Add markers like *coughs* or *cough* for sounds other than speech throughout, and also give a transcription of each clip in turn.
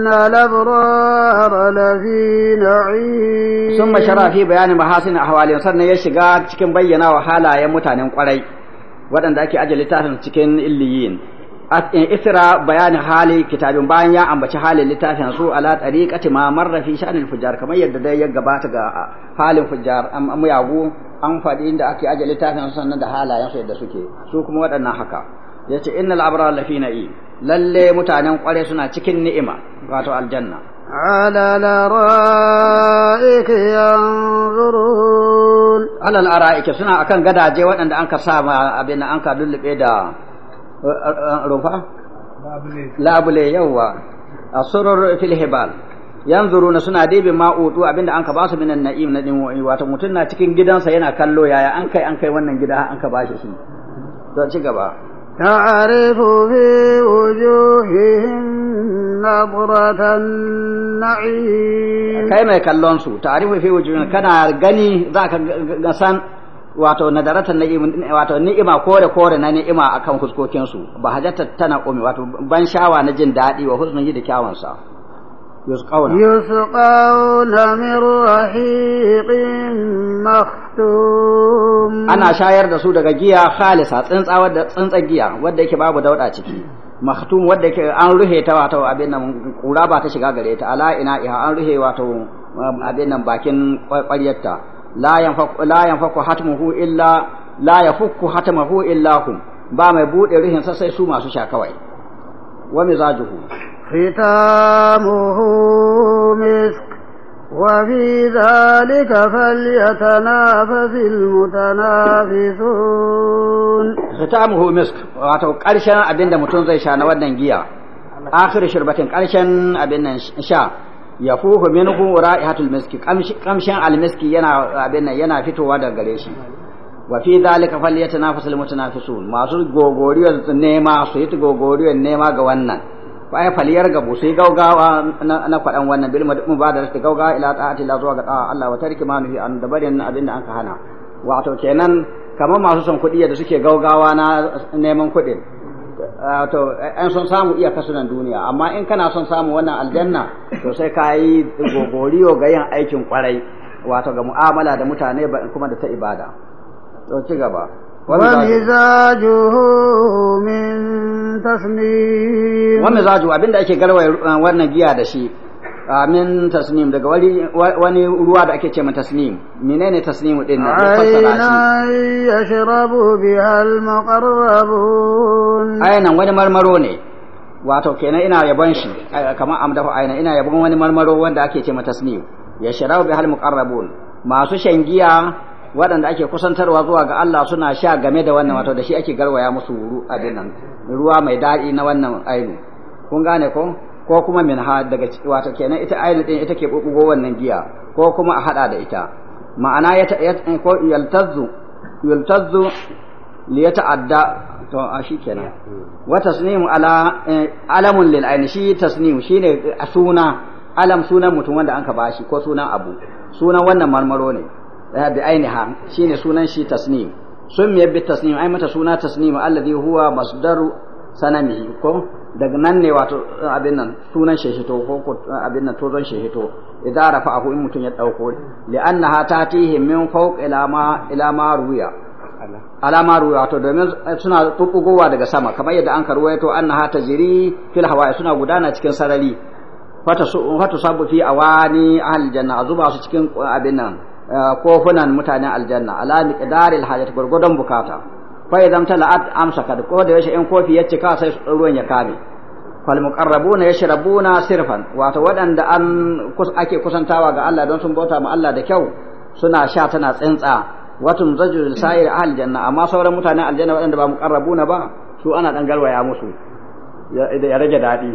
إن الأبرار bayanin نعيم ثم شرع في sannan ya shiga cikin bayyana wa halayen mutanen kwarai waɗanda ake ajiye littafin cikin illiyin isra bayani hali kitabin bayan ya ambaci halin littafin su ala tariqati ma marra fi sha'anil kamar yadda dai ya gabata ga halin fujjar an muyagu an faɗi inda ake ajiye littafin sannan da halayen su yadda suke su kuma waɗannan haka yace inna al’abara lafi na'im lalle mutanen kware suna cikin ni'ima wato aljanna alal lara'ik yanzurun ala lara'ik suna akan gadaje waɗanda an ka sa ma abin an ka lullube da eh, eh, rufa labule yawa asurur fil yanzu yanzuruna suna dibin ma'utu abinda an ka basu minan na'im na dinwoyi wato mutum na cikin gidansa yana kallo yaya an kai an kai wannan gida an ka bashi shi don ci gaba تعرف في وجوههم نظرة النعيم كيما يكلون سو تعرف في وجوههم كان غني ذاك غسان wato nadaratan na'im wato ni'ima kore kore na ni'ima akan huskokin su ba hajjata tana umi wato ban shawa na jin dadi wa husnun yi da kyawun sa يسقون يسقون من رحيق مختوم انا شاير da su daga giya khalisa tsuntsa giya wadda yake babu dauda ciki mahtum wadda yake an ruhe ta abin nan kura ba ta shiga gare ta ala ina iha an ruhe wato abin nan bakin kwaryarta la yanfaku la yanfaku hatmuhu illa la yafukku hatmuhu illa hum ba mai buɗe ruhin sa sai su masu sha kawai wa mizajuhu ختامه مسك وفي wato ƙarshen abin da mutum zai sha na wannan giya akhir shirbatin ƙarshen abin nan sha ya fuhu minhu ra'ihatul miski kamshin almiski yana yana fitowa daga gare shi wa fi dhalika falyatanafasul mutanafisun masu gogoriyar nema su yi gogoriyar nema ga wannan fa faliyar gabu sai gaugawa na faɗan wannan bil da rashin gaugawa ila ta'ati la zuwa ga ta'a Allah wa tarki ma nuhi an dabarin abin da anka hana wato kenan kamar masu son kuɗi da suke gaugawa na neman kuɗin to an son samu iya kasunan duniya amma in kana son samu wannan aljanna to sai ka yi gogoriyo ga yin aikin kwarai wato ga mu'amala da mutane kuma da ta ibada to ci gaba ومزاجه من تسنيم ومزاجه abinda ake garwaya uh, wannan giya da shi uh, min tasnim daga wani ruwa da ake ce ma tasnim menene tasnim din nan fassara shi yashrabu biha al aina wani marmaro ne wato kenan ina yabon shi kamar dafa aina ina yabon wani marmaro wanda ake ce ma tasnim yashrabu biha al-muqarrabun masu shan giya waɗanda ake kusantarwa zuwa ga Allah suna sha game da wannan wato da shi ake garwaya musu wuru abin nan ruwa mai daɗi na wannan ainu kun gane ko ko kuma min ha daga wato kenan ita ainu din ita ke bubugo wannan giya ko kuma a hada da ita ma'ana ya eh, ko yaltazzu yaltazzu li yata'adda to a shi kenan wa tasnimu ala eh, alamun lil aini shi tasnimu shine suna alam sunan mutum wanda anka bashi ko sunan abu sunan wannan marmaro ne bi ainiha shine sunan shi tasnim sun miyar bi tasnim ai mata suna tasnim alladhi huwa masdaru sanami ko daga nan ne wato abin nan sunan shehito ko abin nan tozon shehito idan rafa ahu in mutum ya dauko li'annaha tatihi min fawq ila ma ila ma ruya ma ruwa to domin suna tukugowa daga sama kamar yadda an karuwa to annaha tajri fil hawa'i suna gudana cikin sarari fata su fata sabu fi awani ahl janna azuba su cikin abin nan Eh, kofunan mutanen aljanna ala miqdaril hajat gurgudan bukata fa idan tala'at amsa kad ko da yashi in kofi ya cika sai ruwan ya kame fal muqarrabuna yashrabuna sirfan wato wadanda an ake kusantawa ga Allah don sun bauta ma Allah da kyau suna sha tana tsintsa watun rajul sa'ir ahli janna amma sauran mutanen aljanna wadanda ba muqarrabuna ba su ana dan galwaya musu ya rage daɗi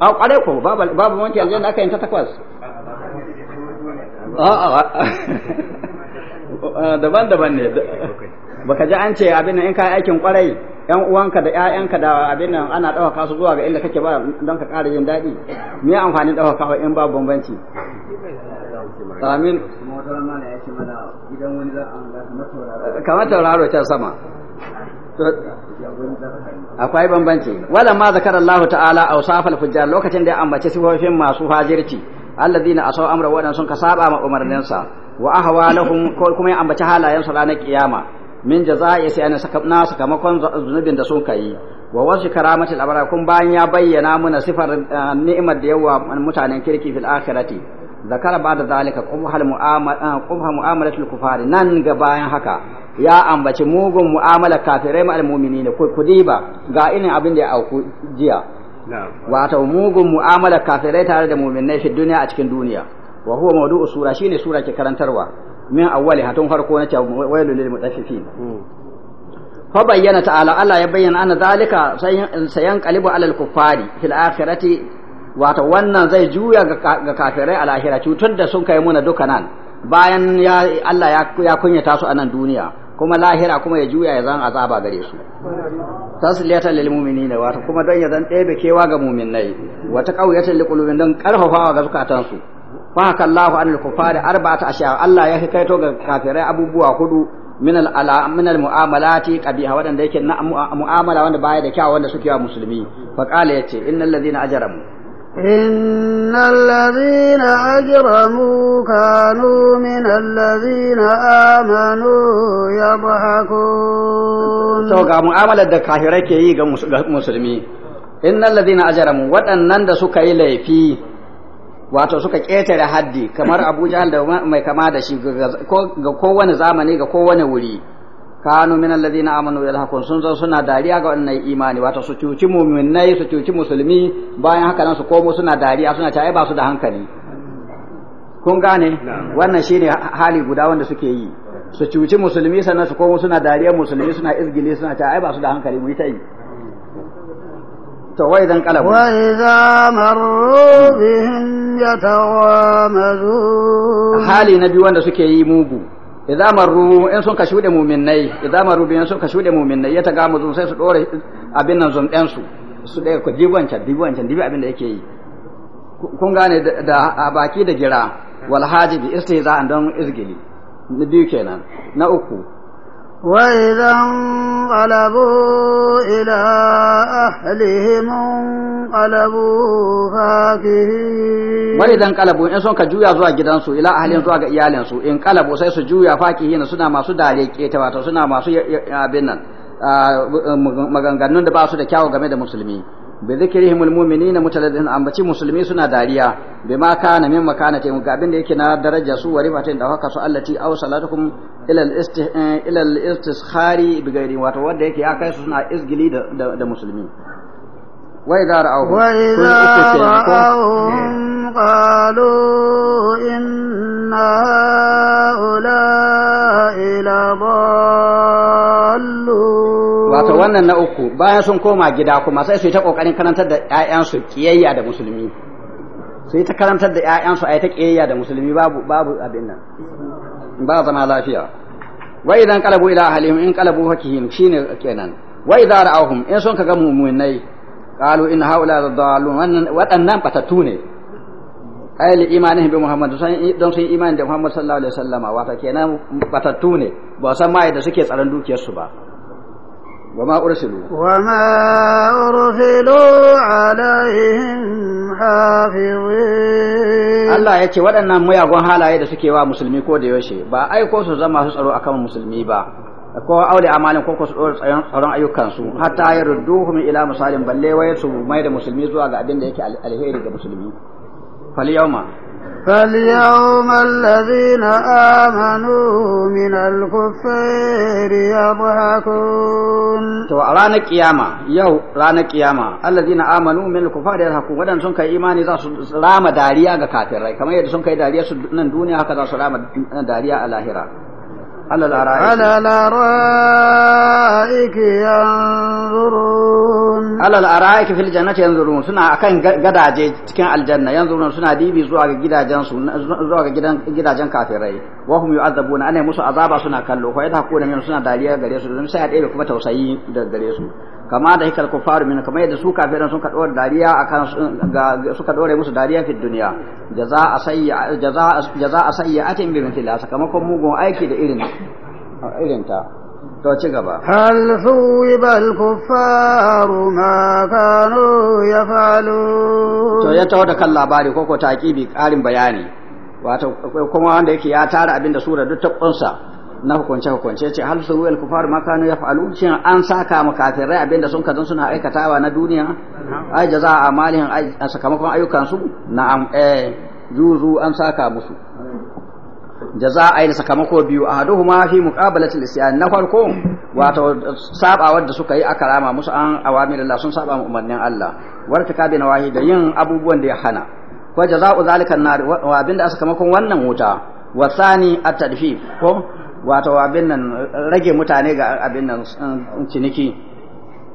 a kware ko babu wanke aljanna aka yin takwas daban-daban ne baka ji an ce abin nan in ka aikin kwarai yan uwanka da ƴaƴanka da abin nan ana dawa kasu zuwa ga inda kake ba don ka ƙara jin daɗi me amfanin ɗaukakawa in ba bambanci amin kamar tauraro ta sama akwai bambanci wala ma zakara Allah ta'ala awsafal fujjar lokacin da ya ambace sifofin masu hajirci alladhina asaw amra wadan sun kasaba ma sa wa ahwalahum ko kuma ya ambace halayen su ranar kiyama min jazaa'i sai an saka na sakamakon zunubin da sun kai wa wasu karamatul abara kun bayan ya bayyana muna sifar eh, ni'imar da yawa mutanen kirki fil akhirati zakara ba da zalika qubhal mu'amala ah, qubha mu'amalatul kufari nan ga bayan haka ya ambaci mugun mu'amala kafirai ma almu'minin ku kudiba ga irin abin da ya auku jiya wato mugun mu'amala kafirai tare da mu'minai shi duniya a cikin duniya wa huwa mawdu'u sura shine sura ke karantarwa min awwali hatun farko na ta wailul lil mutaffifin hmm. fa bayyana ta'ala Allah ya bayyana anna zalika sayan qalibu alal kufari fil akhirati wato wannan zai juya ga kafirai a lahira cutar da sun kai muna duka nan bayan Allah ya kunyata su a nan duniya kuma lahira kuma ya juya ya zan azaba gare su tasliyatan lil mu'minina wato kuma don ya zan ɗebe kewa ga mu'minai wata qawiyatan lil qulubin don karfafawa ga zukatan su fa haka Allahu anil kufari arba'ata ashiya Allah ya kaito ga kafirai abubuwa hudu min al min al mu'amalati qabiha wadanda yake na mu'amala wanda baya da kyawa wanda suke wa musulmi fa qala yace innal ladina ajramu إن الذين أجرموا كانوا من الذين آمنوا يضحكون سو ga mu'amalar da kafirai ke yi ga musulmi innal ladina ajramu waɗannan da suka yi laifi wato suka ƙetare haddi kamar Abu Jahl da mai kama da shi ga kowane zamani ga kowane wuri kanu min alladhina amanu yalhaqun sun zo suna dariya ga wannan imani wato su cuci mu'minai su cuci musulmi bayan haka nan su komo suna dariya suna ta ba su da hankali kun gane wannan shine hali guda wanda suke yi su cuci musulmi sannan su komo suna dariya musulmi suna izgili suna ta ba su da hankali mu yi ta yi to wai dan kalabu wa idza marru bihim yatawamadun hali na biyu wanda suke yi mugu idza marru in sun ka shude mu'minnai idza marru bi in sun ka shude mu'minnai ya taga muzu sai su dore abin nan zum ɗan su su ɗaya ku dibuwan wancan dibi wancan dibi abin da yake yi kun gane da baki da gira wal hajibi istihza'an don izgili na biyu kenan na uku وإذا انقلبوا إلى أهلهم انقلبوا فاكهين وإذا انقلبوا إن سنك جويا زوا جدانسو إلى أهلهم زوا إيالنسو انقلبوا سيسو جويا فاكهين سنة ما عليك كيتواتو سنة ما سيابنن maganganun da ba su da kyawu game da musulmi bi zikrihim almu'minina mutaladdin ambaci musulmi suna dariya bima kana min makanatihim ga abin da yake na daraja su wa rifatin da haka su allati aw salatukum ila eh, ila al-istikhari bi ghairi wato wanda yake ya kai su suna isgili da da musulmi wa idza ra'awhum wa idza ra'awhum qalu inna ula ila dallun wato wannan na uku bayan sun koma gida kuma sai su yi ta kokarin karantar da ƴaƴansu kiyayya da musulmi su yi ta karantar da ƴaƴansu ai ta kiyayya da musulmi babu babu abin nan ba zama lafiya wa idan qalabu ila ahlihim in qalabu hakihim shine kenan wa idza ra'awhum in sun kaga mu'minai qalu in haula dhalun wannan wadannan patatu ne ai imani bi muhammad sai don sai imani da muhammad sallallahu alaihi wasallama wato kenan patatu ne ba san mai da suke tsaron su ba وما أرسلوا وما أرسلوا Allah ya ce waɗannan muyagun halaye da suke wa musulmi ko da yaushe ba aiko su zama su tsaro akan musulmi ba ko aure amalin ko su tsoro tsaron ayyukansu hatta ya rudduhum ila misalin balle wai su mai da musulmi zuwa ga abin da yake alheri ga musulmi fal yawma فاليوم الذين آمنوا من الكفار يضحكون تو رانا قيامة يو رانا قيامة الذين آمنوا من الكفار يضحكون ودن سنك إيماني ذا سلام داريا كافر كما يد سنك داريا سنن دنيا هكذا سلام داريا الاهرة على الأرائك على الأرائك ينظرون على الأرائك في الجنة ينظرون سنة أكن قد تكن الجنة ينظرون سنة دي بي زواج جدا جن زواج جدا جدا جن كافرين وهم يعذبون أنا موسى عذاب سنة كله وإذا كنا من سنة دالية غريسو سنة إيه كما توسعي غريسو kama da hikal kufaru min kama yadda su kafiran sun kadore dariya akan suka dore musu dariya fi duniya jaza sayya jaza jaza asayyatin bi sakamakon mugun aiki da irin irin ta to ci gaba hal suwibal kufaru ma kanu yafalu to ya tawo da kan labari ko ko taqibi karin bayani wato kuma wanda yake ya tara abinda sura duk ta kunsa na hukunce hukunce ce hal su wel kufar ma kanu fa'alu shin an saka mu kafirai abinda sun kazan suna aikatawa na duniya ai jaza amalin a sakamakon ayyukan su na'am eh juzu an saka musu jaza ai da sakamako biyu ahaduhuma fi muqabalati al-isyan na farko wato sabawar da suka yi a karama musu an Allah sun saba mu umarnin Allah kabe na nawahi da yin abubuwan da ya hana wa jaza'u zalikan nar wa abinda sakamakon wannan wuta wa thani at-tadfif ko wato abin nan rage mutane ga abin nan um, ciniki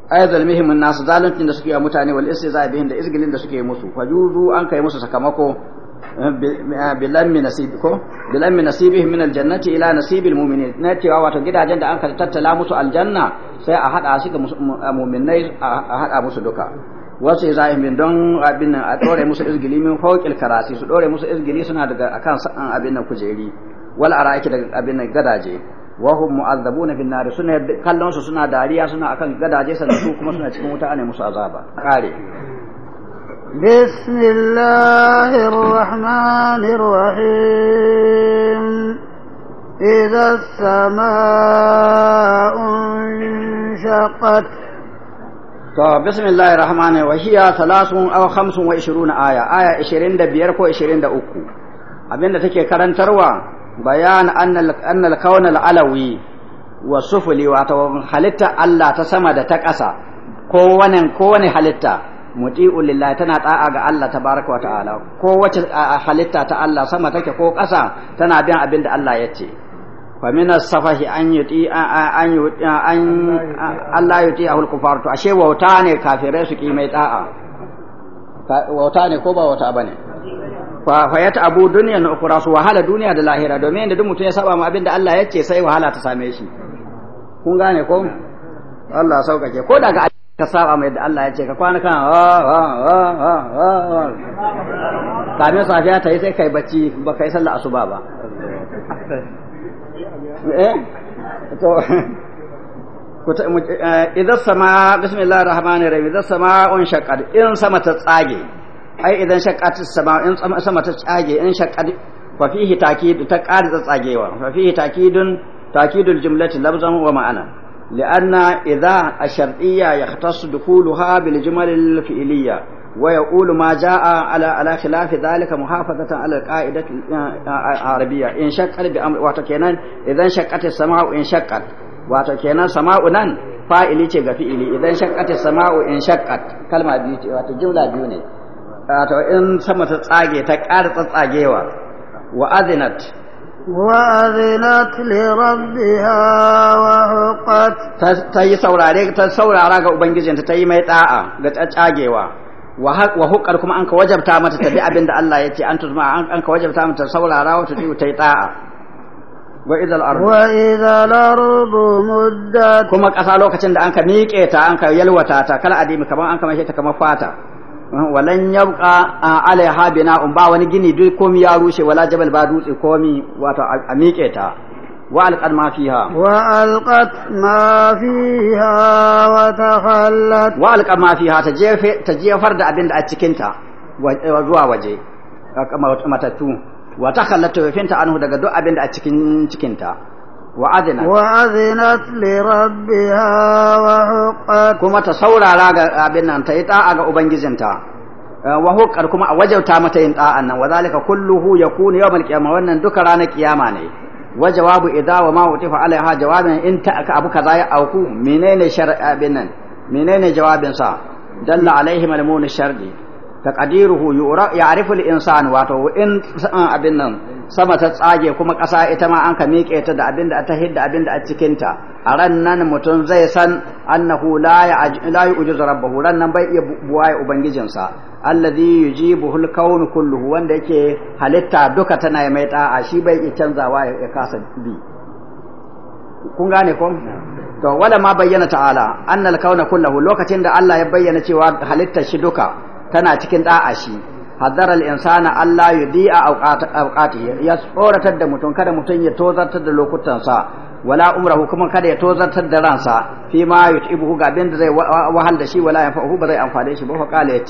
ayyadal muhimmin nasu zaluncin da suke yi mutane wal istiza bihin da izgilin da suke musu fajuzu an kai musu sakamako eh, eh, bilammi nasibi ko min nasibihim min aljannati ila nasibil mu'minin na cewa wato gidajen da an ka tattala musu aljanna sai a hada su ga mu'minai a hada musu duka wasu min don abin nan a dore musu izgili min fawqil karasi su dore musu izgili suna daga akan abin nan kujeri wal ara'iki daga abin gadaje wa hum mu'azzabuna fin nar suna kallon su suna dariya suna akan gadaje sannan su kuma suna cikin wuta ne musu azaba kare بسم الله الرحمن الرحيم إذا السماء انشقت bismillahir rahmanir wahiya salasun da abinda take karantarwa bayan annal kauna alawi wa sufuli wato halitta Allah ta sama da ta ƙasa ko wani halitta muti'u lillahi tana ta'a ga Allah tabaraka wa ta'ala ko wacce halitta ta Allah sama take ko ƙasa tana bin abin da Allah ya ce fa min as-safahi an yuti an yuti an Allah yuti ahul kufar to ashe wauta ne kafirai su kimai ta'a wauta ne ko ba wauta bane fa ya abu duniya na ukura su wahala duniya da lahira domin yadda duk mutum ya saba mu abin da Allah ya ce sai wahala ta same shi kun gane ko Allah sauƙaƙe ko daga ka saba mai da Allah ya ce ka kwana kan ah, ah, ah, kamin safiya ta yi sai kai bacci ba kai sallah asuba ba eh to eh, idan sama bismillahir rahmanir rahim idan sama un shaqqad in sama ta tsage ai idan shaqqat sama in sama ta tsage in shaqqat fa fihi takid ta qad tsagewa fa fihi takidun takidul jumlati lafzan wa ma'ana li'anna idza ash-shartiyya yahtassu dukhuluha bil jumal al-fi'liyya ويقول ما جاء على على خلاف ذلك محافظة على القاعدة العربية إن شقت بأمر واتكينا إذا شقت السماء إن شقت واتكينا سماء نن فاعل ce ga fi'ili idan shaqqat as-sama'u in shaqqat kalma biyu ce wato jumla biyu ne wato in sama ta tsage ta ƙara tsatsagewa wa azinat wa azinat li rabbiha wa huqat ta yi saurare ta saurara ga ubangijinta ta yi mai da'a ga tsagewa. wa wa huqar kuma an ka wajabta mata ta bi abinda Allah ya ce an tuzma an ka wajabta mata saurara wa ta yi ta yi da'a wa idal ardu wa idal ardu muddat kuma kasa lokacin da an ka miƙe ta an ka yalwata ta kala adimi kamar an ka mai ta kamar fata walan yabqa alaiha bina'un ba wani gini duk komi ya rushe wala jabal ba dutse komi wato a miƙe ta وألقت ما فيها وألقت ما فيها وتخلت وألقت ما فيها تجيف تجيفر دا أبين دا أتكنتا وزوا وجي متتو وتخلت وفنت عنه دا أبين دا أتكنتا وأذنت وأذنت لربها وحقت كما تصورا راغا أبنا أنت إطاعة أبنجزنتا وحقت كما وجوتا متى إطاعة وذلك كله يكون يوم القيامة وأن ذكران قياماني وجواب إذا وما وطف عليها جوابا إن تأك أبو كذا أوكو منين شر أبنا منين جواب صا دل عليهم المون الشرقي تقديره يعرف الإنسان واتو إن أبنا sama ta tsage kuma ƙasa ita ma an ka miƙe ta da abin da ta hidda abin da a cikinta a ran nan mutum zai san annahu la ya ujuz rabbahu ran nan bai iya buwaye ubangijinsa allazi yujibuhu al-kawn kulluhu wanda yake halitta duka tana mai da'a shi bai iya canzawa ya kasa bi kun gane ko to wala ma bayyana ta'ala annal kawna kulluhu lokacin da Allah ya bayyana cewa halitta shi duka tana cikin da'a shi hadar al-insana Allah a awqatihi ya tsoratar da mutum kada mutum ya tozartar da lokutansa wala umrahu kuma kada ya tozartar da ransa fi ma yutibuhu ga abin da zai wahal da shi wala yanfa'uhu ba zai amfane shi ba fa kala ya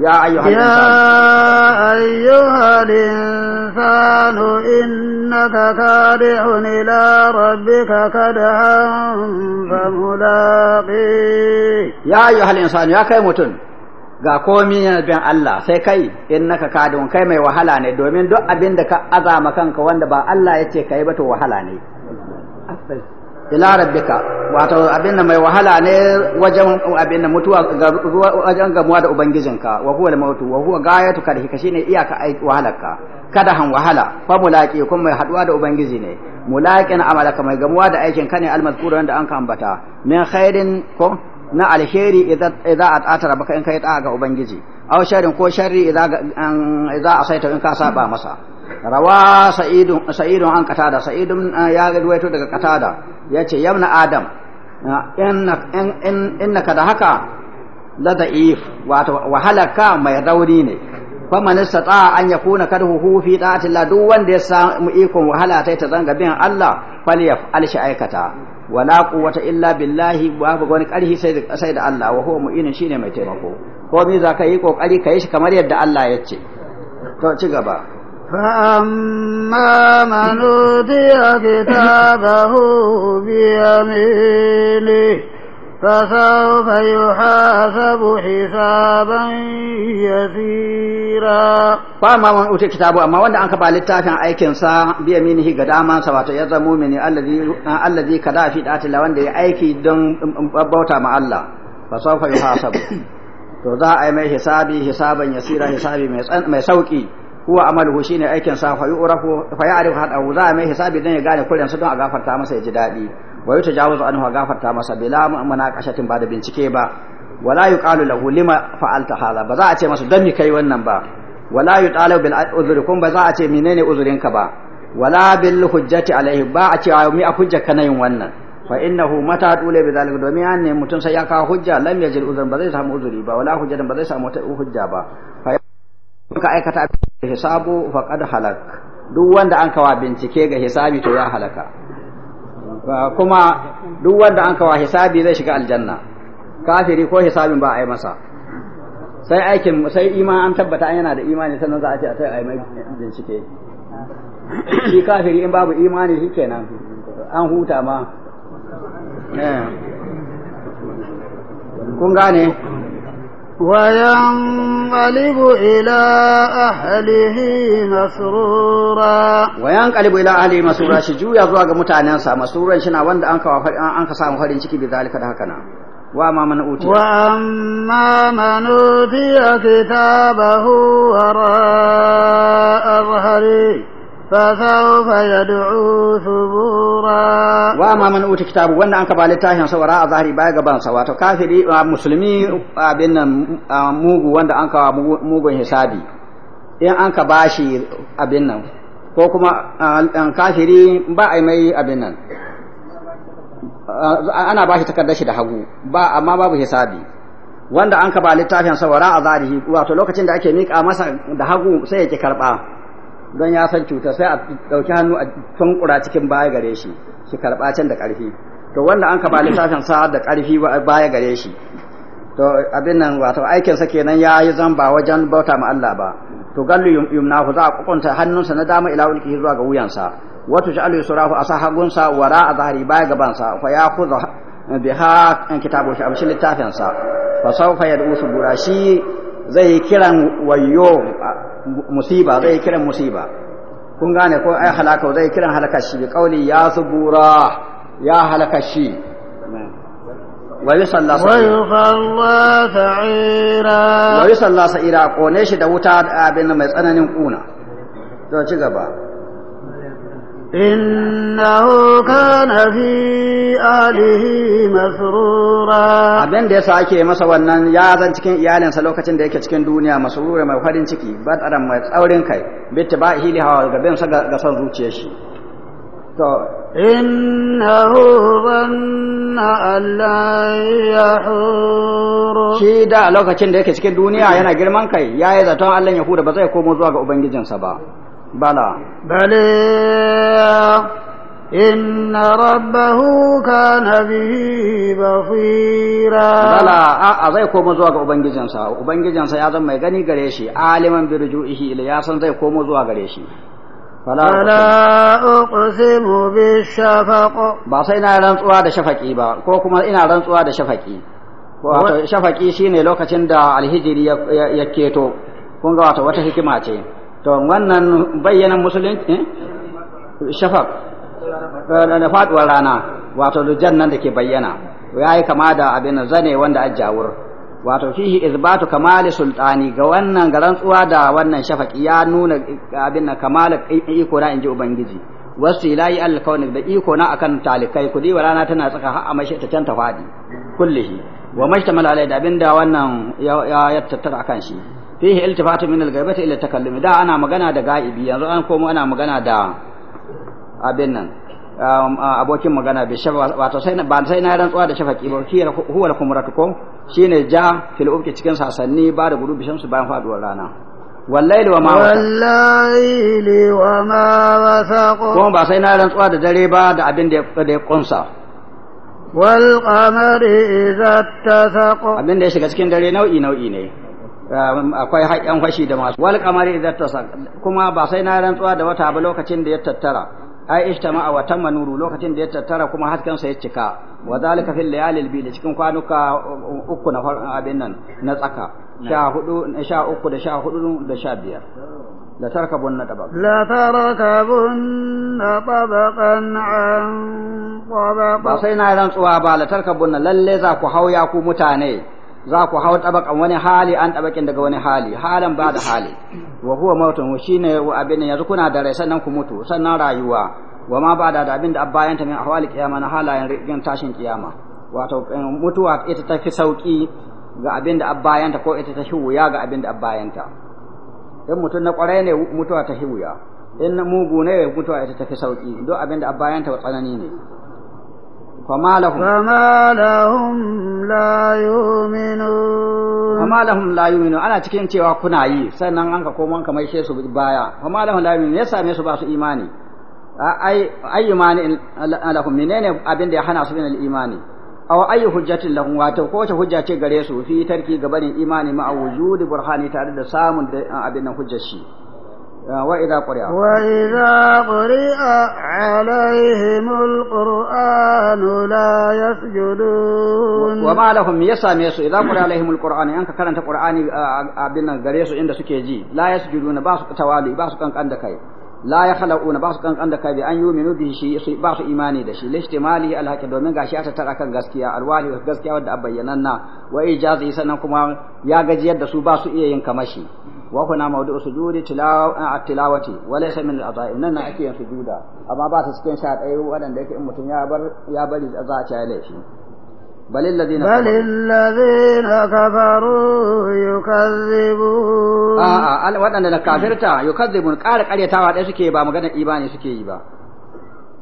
يا أيها الإنسان يا أيها الإنسان إنك كادح إلى ربك Ya فملاقيه يا أيها ya kai mutum. ga komi yana bin Allah sai kai in naka kadin kai mai wahala ne domin duk abin da ka azama kanka wanda ba Allah ya ce ka yi ba to wahala ne ila rabbika wato abin da mai wahala ne wajen abin da mutuwa wajen gamuwa da ubangijinka wa huwa al-mautu wa huwa gayatu karhika shine iyaka ai wahalaka kada han wahala fa mulaqi kun mai haduwa da ubangiji ne mulaqin amalaka mai gamuwa da aikin ka ne al-mazkur wanda an ka ambata min khairin ko na alheri idza at'ata rabbaka in kai ta'a ga ubangiji aw sharin ko sharri idza a saita in ka saba masa rawa sa'idun sa'idun an katada sa'idun uh, ya ruwaito daga katada yace yabna adam uh, innaka da haka la da'if wato wahalaka mai rauni ne faman ta an yakuna kadhuhu fi ta'ati Allah duk wanda ya samu ikon wahala ta zanga bin Allah falyaf alshi aikata wala quwwata illa billahi babu wani karhi sai da sai da Allah wa huwa mu'inun shine mai taimako ko me za ka yi kokari ka yi shi kamar yadda Allah ya ce to ci gaba فأما من أوتي bi بيمينه فسوف يحاسب حسابا يسيرا فما من أوتي كتابه أما وأن أنك بالتافع أي كنسا بيمينه قداما سوات يزا مؤمن الذي الذي كدا في دات لوان دي دن بوتا مع الله فسوف يحاسب to za a yi mai hisabi hisaban yasira hisabi mai sauki huwa amaluhu ne aikin sa fa yu'rafu fa ya'rifu hadahu za a mai hisabi dan ya gane kuren su don a gafarta masa ya ji daɗi wa ta yutajawazu anhu gafarta masa bila mana munaqashatin ba da bincike ba wala yuqalu lahu lima fa'alta hadha ba za a ce masa dan mi kai wannan ba wala yutalu bil uzri kun ba za a ce menene uzurinka ba wala bil hujjati alaihi ba a ce a mi a hujja kana yin wannan fa innahu mata dule bi zalika domin an ne mutum sai ya kawo hujja lam yajid uzran ba zai samu uzuri ba wala hujjatan ba zai samu wata hujja ba fa ka aikata hisabu faqad halak duk wanda an kawa bincike ga hisabi to ya halaka Ah, kuma duk wanda an kawo hisabi zai shiga aljanna kafiri ko hisabin ba a yi masa sai aikin sai iman an tabbata an yana da imani sannan za a ce a sai a yi mai bincike shi kafiri in babu imani shi kenan an huta ma eh. kun gane وينقلب إلى أهله مسرورا وينقلب إلى أهله مسرورا شجو يزوى متعنانسا مسرورا شنا واند أنك أنك سام فرين شكي بذلك دهكنا وأما من أوتي وأما من أوتي كتابه وراء ظهره فسوف يدعو ثبورا وما من اوتي كتاب وانا انك بالتاهن سوراء ظهري باي غبان سوا تو كافري مسلمي ابن موغو وانا انك موغو حسابي in an باشي bashi abin nan ko kuma kafiri ba a mai abin nan ana bashi takardar shi da hagu ba amma babu hisabi wanda an ka ba littafin sawara a zarihi wato lokacin da ake miƙa masa da hagu sai yake karɓa don ya san cuta sai a ɗauki hannu a tunkura cikin baya gare shi shi karɓa can da ƙarfi to wanda an kaba ba littafin sa da ƙarfi baya gare shi to abin nan wato aikin sa kenan ya yi zan ba wajen bauta ma Allah ba to gallu yumnahu za a kukunta hannunsa na dama ila ulki zuwa ga wuyansa wato sha'alu yusrahu sa wara a zahari baya gabansa fa ya khudha biha kitabu shi littafin sa fa sawfa yad'u subura shi zai yi kiran wayo musiba zai yi kiran musiba kun gane ko ai halaka zai yi kiran halaka shi bi kauli ya subura ya halaka shi wa yusalla sa'ira wa yusalla sa'ira kone shi da wuta abin mai tsananin kuna to ci gaba innahu kana fi alihi masrura abin da yasa ake masa wannan ya zan cikin iyalinsa lokacin da yake cikin duniya masrura mai farin ciki badaran mai tsaurin kai bitta ba hili hawa ga bin sa ga son zuciyar shi to innahu zanna shi da lokacin da yake cikin duniya yana girman kai yayi zaton Allah yahuda hura ba zai komo zuwa ga ubangijinsa ba بلى بل إن ربه كان به بصيرا بلى أزاي كومو زوا أوبنجيجنسا أوبنجيجنسا يا زلمة غني غريشي عالما برجوعه إلى ياسن زي كومو زوا غريشي فلا أقسم بالشفق ba sai ina rantsuwa da shafaki ba ko kuma ina rantsuwa da shafaki wato shafaki shine lokacin da alhijiri ya keto kun wata hikima ce to wannan bayyana musulunci eh? shafaq da faduwar rana wato lujan nan da ke bayyana ya yi kama da abin zane wanda a jawur wato fihi izbatu kamali sultani ga wannan ga rantsuwa da wannan shafaki ya nuna abin na kamali iko na inji ubangiji wasu ilayi alkauni da iko na akan talikai kudi wa rana tana tsaka har a mashi ta can ta faɗi kullihi wa ta alai da abin da wannan ya tattara akan shi fihi iltifatu min al-ghaibati ila takallumi da ana magana da ga'ibi yanzu an komo ana magana da abin nan um, uh, abokin magana bi shafa wato sai ba sai na rantsuwa da shafaqi ba kiyar huwa al-kumratu ko shine ja fil ubki cikin sasanni ba da gudu bishamsu bayan faduwar rana wallahi wa ma wallahi wa ma wasaq ko ba sai na rantsuwa da dare ba da abin da ya kunsa والقمر إذا اتسق abin da ya shiga cikin dare nau'i nau'i ne Um, akwai yan fashi da masu wal kamari idan ta kuma ba sai na rantsuwa da wata ba lokacin da ya tattara ai ishtama wa tamma nuru lokacin da ya tattara kuma hasken sa ya cika wa zalika fil layalil bil cikin kwanuka uku na abin nan na tsaka sha hudu sha uku da sha hudu da sha biyar la tarkabun na tabaq la tarkabun tabaqan an ba sai na rantsuwa ba la tarkabun lalle za ku hauya ku mutane za ku hau tabakan wani hali an tabakin daga wani hali halan ba da hali wa huwa mautun shine abin yanzu kuna da rai sannan ku mutu sannan rayuwa wa ma ba da abin da abbayan ta min ahwali kiyama na halayen rigin tashin kiyama wato eh, mutuwa ita ta fi sauki ga abin da abbayan ko ita ta wuya ga abin da abbayan ta in mutum na kwarai ne mutuwa ta wuya in mugu ne mutuwa ita ta fi sauki duk abin da abbayan wa tsanani ne فما لهم فما لهم لا يؤمنون فما لهم لا يؤمنون ana cikin cewa kuna yi sannan an ka koma ka maishe su baya fama lahum la yu'minun ya same su ba su imani ai ai imani lahum menene abin da ya hana su min al-imani aw ayi hujjatin lahum wato ko wace hujja ce gare su fi tarki gabanin imani ma wujudi burhani tare da samun abin nan hujjar shi وإذا قرئ وإذا قرئ عليهم القرآن لا يسجدون وما لهم يسا ميسو إذا قرئ عليهم القرآن أنك كانت قرآن أبنا غريسو عند سكيجي لا يسجدون باسو توالي باسو كان كان دكاي la ya una ba su kankan da kai an yi minu bi shi su ba su imani da shi mali alhaki domin gashi ya tattara kan gaskiya alwali wa gaskiya wadda na wa ijazi sannan kuma ya gaji yadda su ba su iya yin kamashi wa kuna maudu sujudi tilawati wa laysa min al-adha'i nan ake yin sujuda amma ba su cikin sha dai waɗanda yake in mutum ya bar ya bari za a ci laifi بل الذين بل الذين كفروا يكذبون آه آه وأنا كافرتا يكذبون قال قال يتاوى ده سكي با مغنى إيماني سكي با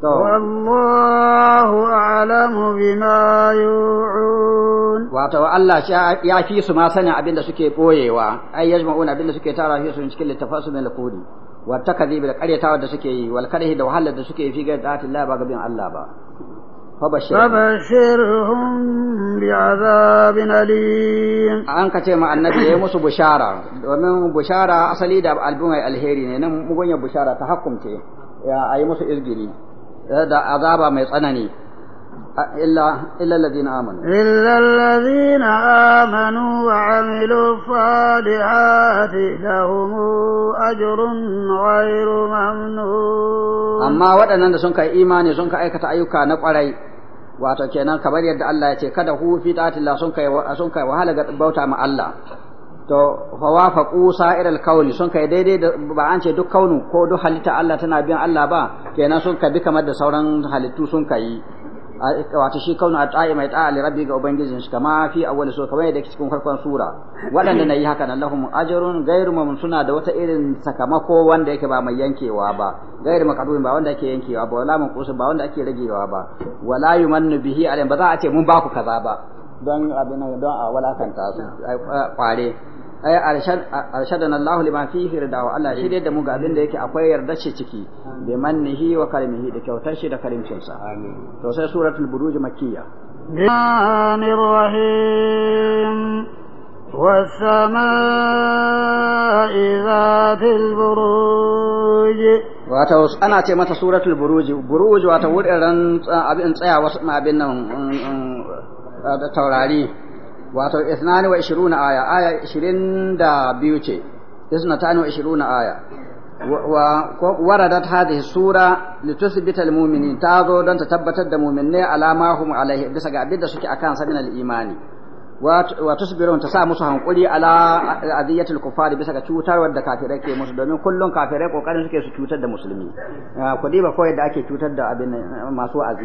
والله أعلم بما يوعون واتو الله يا في سما سنة أبين ده سكي بويوا أي يجمعون أبين ده سكي تارا في سنة سكي التفاصيل من القولي والتكذيب ده قال يتاوى ده سكي والكره ده وحل ده سكي في غير ذات الله با قبين الله با فبشرهم بعذاب أليم an ka ce ma annabi ya musu bushara domin bushara asali da albin alheri ne nan mugunya bushara ta hakkumce ya ayi musu izgiri da azaba mai tsanani إلا إلا الذين آمنوا إلا الذين آمنوا وعملوا الصالحات لهم أجر غير ممنون أما waɗannan da sun kai imani sun ka aikata ayyuka na ƙwarai wato kenan kamar yadda Allah ya ce kada ku fi ta'atillah sun kai sun kai wahala ga bauta ma Allah to fawafaqu sa'iril kauni sun kai daidai da ba an ce duk kaunu ko duk halitta Allah tana bin Allah ba kenan sun kai bi kamar da sauran halittu sun kai wato shi kaunu a ta'i mai ta'a li rabbika ga ubangijin shi kama fi awwal sura kamar yadda cikin farkon sura waɗanda na yi haka nan lahum ajrun ghairu mamun suna da wata irin sakamako wanda yake ba mai yankewa ba ghairu makadun ba wanda yake yankewa ba wala mun ba wanda ake ragewa ba wala yumannu bihi alayhi ba za a ce mun ba ku kaza ba don abin don a walakanta su kware ay arshadana Allahu liman fihi ridawa Allah shi da mu ga abin da yake akwai yarda ce ciki bi mannihi wa kalmihi da kyautar shi da karimcin sa amin to sai suratul buruj makkiya anir rahim والسماء ذات البروج wato ana ce mata suratul buruj buruj wato wurin abin tsaya wasu abin nan mm, mm, taurari wato isnani wa ishiruna aya aya ishirin da biyu ce isnatani wa ishiruna aya waradat hadhihi sura litusbita almu'minin ta zo don ta tabbatar da mu'minai alama hum alaihi bisa ga abin da suke akan sa min al-imani wa tusbirun ta sa musu hankuli ala eh, aziyatul kufari bisa ga cutarwar da kafirai ke musu domin kullum kafirai kokarin suke su cutar da musulmi ku ba kawai da ake cutar da abin eh, masu azi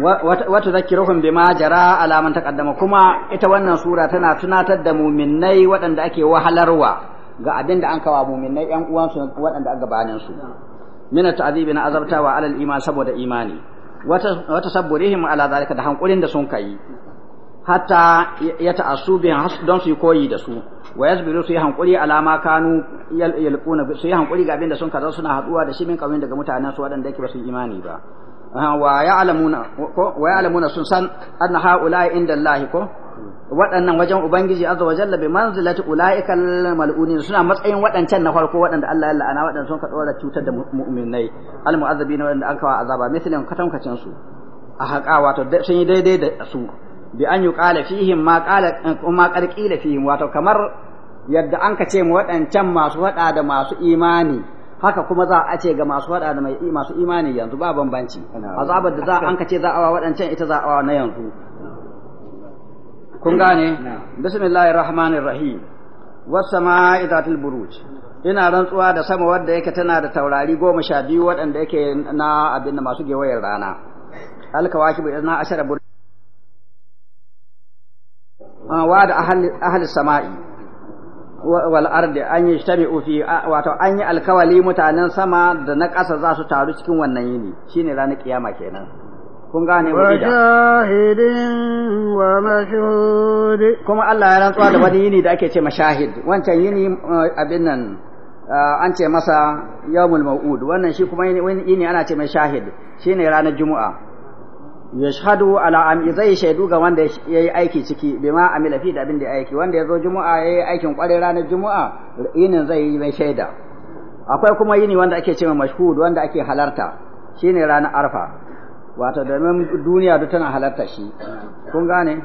wa tudhakkiruhum bima jara ala man taqaddama kuma ita wannan sura tana tunatar da muminnai waɗanda ake wahalarwa ga abin da an kawa muminnai ƴan uwansu waɗanda aka gabanin su min ta'dibi na azabtawa alal iman saboda imani wata saburihim ala zalika da hankulin da sun kai hatta ya ta'assu bi don su yi koyi da su wa yasbiru su yi hankuri alama kanu yalquna su yi hankuri ga abinda sun kaza suna haduwa da shi min kawin daga mutanen su waɗanda yake ba su imani ba wa ya'lamuna ko wa ya'lamuna sun san anna ha'ula'i inda Allah ko waɗannan wajen ubangiji azza wa jalla bi manzilati ulaikal mal'unin suna matsayin waɗancan na farko waɗanda Allah ya la'ana waɗanda sun ka dora cutar da mu'minai al mu'azzabina waɗanda aka wa azaba misalin katankacin su a haƙa wato sun yi daidai da su bi an yi ƙala fihim ma ƙarƙila fihim wato kamar yadda an ka ce waɗancan masu faɗa da masu imani haka kuma za a ce ga masu faɗa da masu imani yanzu ba bambanci azabar da za an ka ce za a wa waɗancan ita za a wa na yanzu kun gane bismillahir rahmanir rahim was sama'i zatil buruj ina rantsuwa da sama wadda yake tana da taurari goma sha biyu waɗanda yake na abin da masu gewayar rana alkawaki bi na ashara wa da ahli sama'i wal ardi an yajtami'u fi wato an yi alkawali mutanen sama da na ƙasa za su taru cikin wannan yini shine ranar kiyama kenan kun gane wa shahidin wa mashhud kuma Allah ya rantsuwa da wani yini da ake ce mashahid wancan yini eh, abin nan eh, an ce masa yawmul mau'ud wannan shi kuma yini ana ce mashahid shine ranar juma'a yashhadu ala am zai shaidu ga wanda yayi aiki ciki bima amila fi da abin da aiki wanda yazo juma'a yayi aikin kware ranar juma'a yinin zai yi mai shaida akwai kuma yini wanda ake cewa mashhud wanda ake halarta shine ranar arfa wato domin duniya duk tana halarta shi kun gane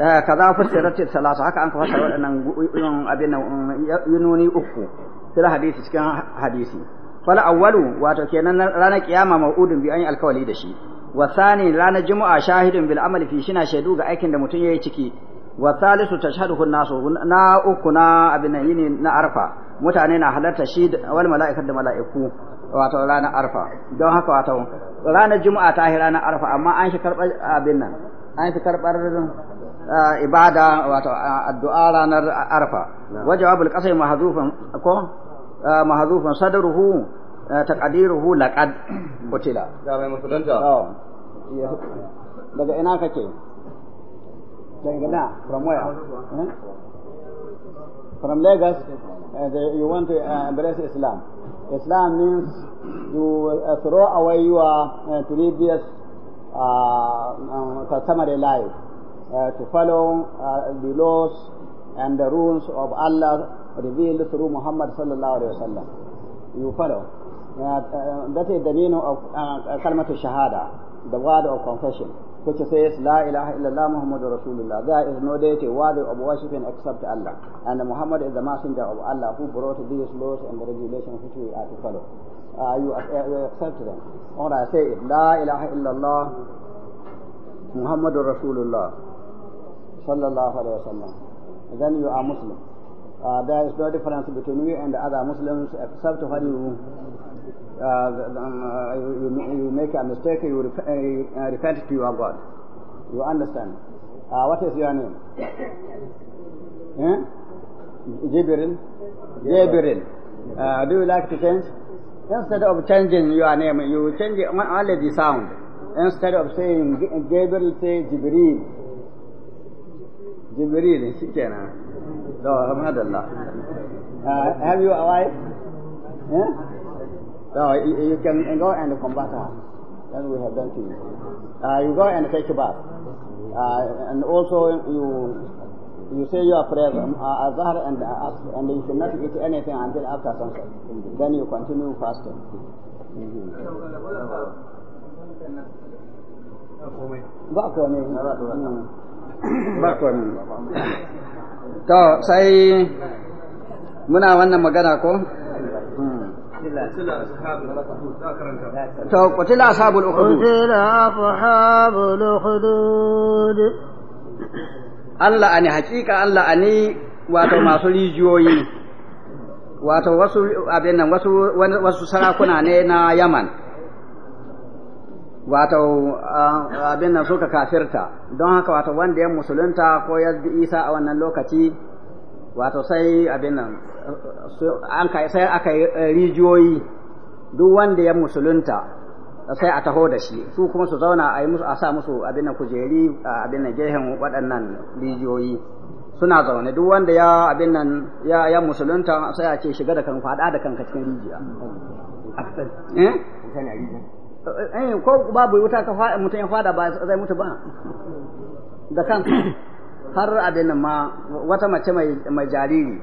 eh, kaza fusirat salasa haka an fasara waɗannan abin nan yununi uku sai hadisi cikin hadisi fala awwalu wato kenan ranar kiyama mau'udun bi an yi alkawali da shi Wasani, sani ranar juma'a shahidun bil amal fi shina shaidu ga aikin da mutum yayi ciki wa Salisu tashhaduhu an-nasu na uku na abin nan yini na arfa mutane na halarta shi wal mala'ikatu da mala'iku wato ranar arfa don haka wato ranar Jumu'a ta yi ranar arfa amma an shi karbar abin nan an shi karbar ibada wato addu'a ranar arfa wa jawabul qasai mahdhufan ko mahdhufan sadruhu taqdiruhu laqad qutila da mai musulunta daga ina kake daga na from where eh? from Lagos uh, you want to uh, embrace Islam Islam means to uh, throw away your previous ah, um, customary life to follow the laws and the rules of Allah revealed through Muhammad sallallahu alaihi wasallam you follow that is the meaning of uh, kalmatu shahada the word of confession, which says, La ilaha illallah Muhammadur Rasulullah. There is no deity worthy of worshipping except Allah. And Muhammad is the messenger of Allah who brought these laws and the regulations which we are to follow. Uh, you, uh, accept them. Or I say it, La ilaha illallah Muhammadur Rasulullah. Sallallahu alayhi wa sallam. Then you are Muslim. Uh, there is no difference between you and other Muslims except when you, uh, um, uh you, you, make a mistake, you, rep you uh, uh, repent to your God. You understand. Uh, what is your name? eh? *coughs* Jibril? Jibril. Uh, do you like to change? Instead of changing your name, you change only the sound. Instead of saying Gabriel, say Jibril. Jibril, See, so, oh, alhamdulillah. Uh, have you a wife? Yeah? Oh, you, you can go and combat her. Then we have done to you. Uh, you go and take a bath. Uh, and also, you you say your prayers um, uh, Azhar and uh, and you should not eat anything until after sunset. Then you continue fasting. Mm -hmm. *coughs* *coughs* to sai muna wannan magana ko to kutila ashabul ukhdud qutila ashabul ukhdud Allah ani hakika Allah ani wato masu rijiyoyi wato wasu abin nan wasu wasu sarakuna ne na Yaman wato abin nan suka kafirta don haka wato wanda ya musulunta ko ya bi isa a wannan lokaci wato sai abin nan sai aka yi eh, rijiyoyi duk wanda ya musulunta sai a taho da shi su kuma su zauna a yi musu a sa musu abin nan kujeri abin nan gehen waɗannan rijiyoyi suna zaune duk wanda ya abin nan ya musulunta sai a ce shiga da kan fada da kanka cikin rijiya eh ko babu wuta ka faɗa mutun ya fada ba zai mutu ba da kan har abin ma wata mace mai jariri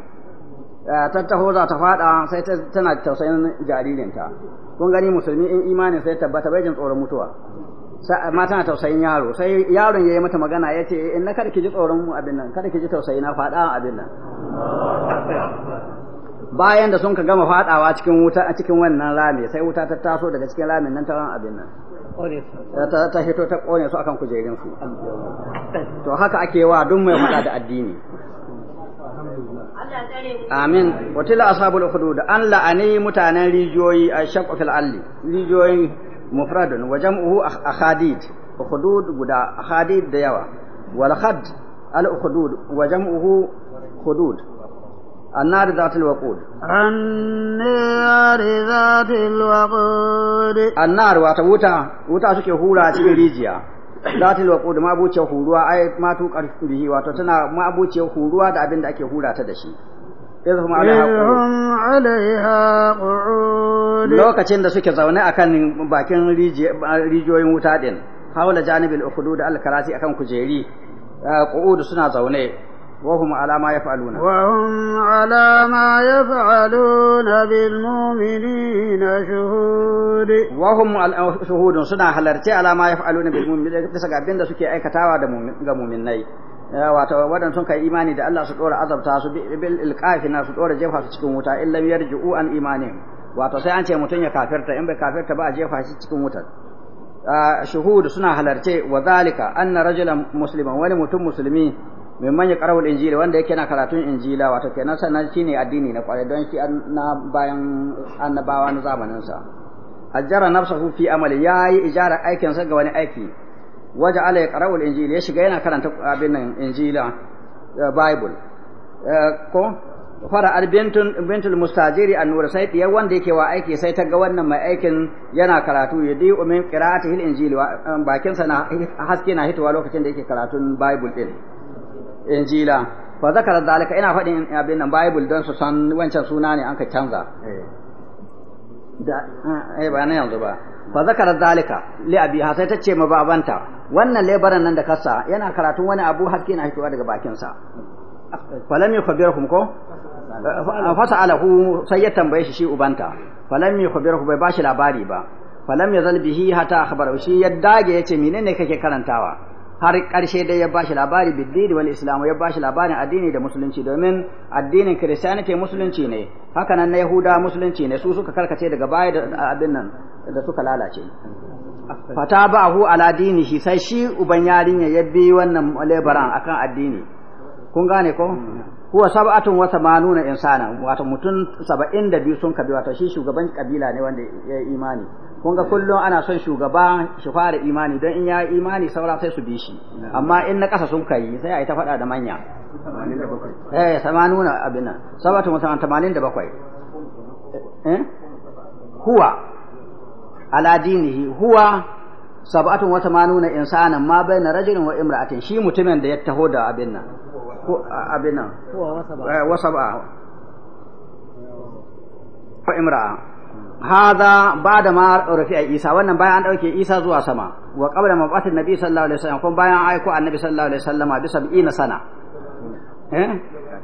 eh, ta taho za ta fada sai tana tausayin jaririnta kun gani musulmi in imanin sai tabbata bai jin tsoron mutuwa amma tana tausayin yaro sai yaron yayi mata magana ya ce in na kada ki ji tsoron abin nan kada ki ji tausayi na fada abin nan bayan da sun ka gama fadawa cikin wuta a cikin wannan rami sai wuta ta taso daga cikin ramin nan ta ran abin nan ta hito ta kone su akan kujerin su to haka ake wa duk mai fada da addini amin watila ashabul hudud an la'ani mutanen rijiyoyi a shaqqu fil alli rijiyoyin mufradun wa jam'uhu a hudud guda akhadid da yawa wal khad al uhu wa النار ذات الوقود النار ذات الوقود النار وتوتا وتا suke hura cikin rijiya zatil waqud ma abuce ai ma tu karfi bihi wato tana ma abuce huruwa da abin da ake hura ta da shi idhum alaiha qu'ud lokacin da suke zaune a kan bakin rijiyoyin wuta din hawla janibil ukhdud al karasi akan kujeri qu'ud suna zaune وهم على ما يفعلون وهم على ما يفعلون بالمؤمنين شهود وهم شهود سنا على ما يفعلون بالمؤمنين da suke aikatawa da ga mu'minai wato wadan sun kai imani da Allah su dora azabta su bil ilqafina su dora jefa su cikin wuta illa yarji'u an imani wato sai an ce mutun ya kafirta in bai kafirta ba a jefa shi cikin wutar shuhud suna halarce wa zalika anna rajulan musliman wani mutum musulmi Mai manya karawul injila wanda yake na karatun injila wato kenan sannan ne addini na kwarai don shi na bayan annabawa na zamanin sa ajjara nafsahu fi amali yi ijara aikinsa ga wani aiki waje ala ya karawul injila ya shiga yana karanta abin nan injila eh, bible eh, ko fara albintun bintul mustajiri nura sai diyar wanda yake wa aiki sai ta ga wannan mai aikin yana karatu ya di umin qira'atihil injili eh, bakinsa na haske na hitowa lokacin da yake karatun bible din injila fa zakara zalika ina faɗin abin nan bible don su san wancan suna ne an ka canza eh. da eh ba nan yanzu ba fa zakara zalika li abi ha sai ta ce ma babanta wannan lebaran nan da kasa yana karatun wani abu hakki na fitowa daga bakin sa falam yukhbirukum ko fasa'alahu sai ya tambaye shi shi ubanta falam yukhbirukum bai bashi labari ba falam yazal bihi hatta akhbara shi ya dage yace menene kake karantawa har ƙarshe dai ya bashi labari biddini wal islamu ya bashi labarin addini da musulunci domin addinin kiristaniti musulunci ne haka nan na yahuda musulunci ne su suka karkace daga baya da abin nan da suka lalace fata ba'ahu ala dinihi sai shi uban yarinya ya bi wannan lebaran akan addini kun gane ko huwa sab'atun wa samanuna insana wato mutum 72 sun kabi wato shi shugaban kabila ne wanda ya imani kun ga kullum ana son shugaba shi fara imani don in ya imani saura sai su bi shi amma in na ƙasa sun kai sai a yi ta faɗa da manya eh samanuna abin nan sabatu musamman tamanin da bakwai eh? huwa ala dinihi huwa sab'atun wa tamanuna insanan ma bayna rajulin wa imra'atin shi mutumin da ya taho da abin nan ko abin nan huwa wa sab'a eh, wa imra'a hadha ba'da ma rufi'a Isa wannan bayan an dauke Isa zuwa sama wa qabla mab'ath an-nabi sallallahu alaihi wasallam kuma bayan aiko annabi sallallahu alaihi wasallam bi sab'ina sana eh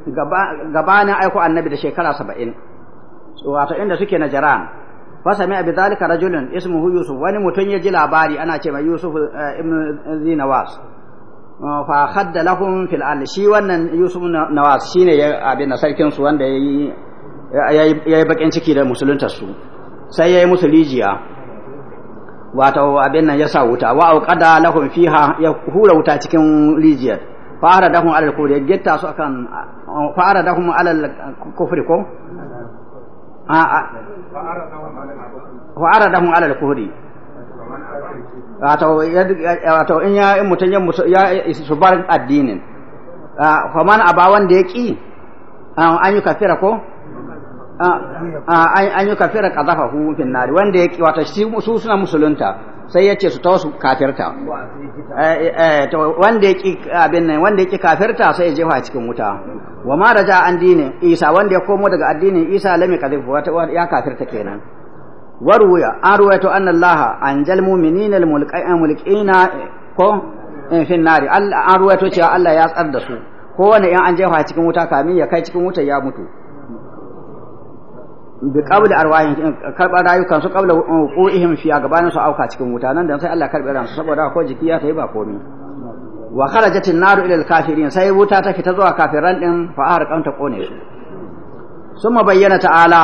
ne aiko annabi da shekara 70 wato inda suke najaran fa sami abi zalika rajulun ismuhu yusuf wani mutun ya ji labari ana ce mai yusuf ibn zinawas fa khadda lahum fil al shi wannan yusuf nawas shine abin sarkin su wanda yayi yayi bakin ciki da musuluntar su sai ya yi musu rijiya wato abin nan ya sa wuta wa auqada lahum fiha ya hura wuta cikin rijiyar fara dahum alal kufri ya getta su akan fara dahum alal kufri ko a a fara dahum alal kufri wato wato in ya in mutun ya su bar addinin fa man aba wanda ya ki an yi kafira ko Ah, ah, an yi kafira kazafa hu fin nari wanda yake wata shi su suna musulunta sai ya ce su ta wasu kafirta eh, eh, wanda yake abin nan wanda yake kafirta sai ya jefa cikin wuta wa ma raja an dinin isa wanda ya komo daga addinin isa lami kadhib wata ya kafirta kenan waruya an ruwaito anna allaha anjal mu'minina al-mulqina ko eh, fin nari an ruwaito cewa Allah ya tsar da su kowane in an jefa cikin wuta kamin ya kai cikin wuta ya mutu bi qabla arwahin karba rayukan su qabla qu'ihim fi gabanin su auka cikin wuta nan da sai Allah karbe ransu saboda ko jiki ya sai ba komai wa kharajat an-naru ila al-kafirin sai wuta ta fita zuwa kafiran din fa ta kone su summa bayyana ta'ala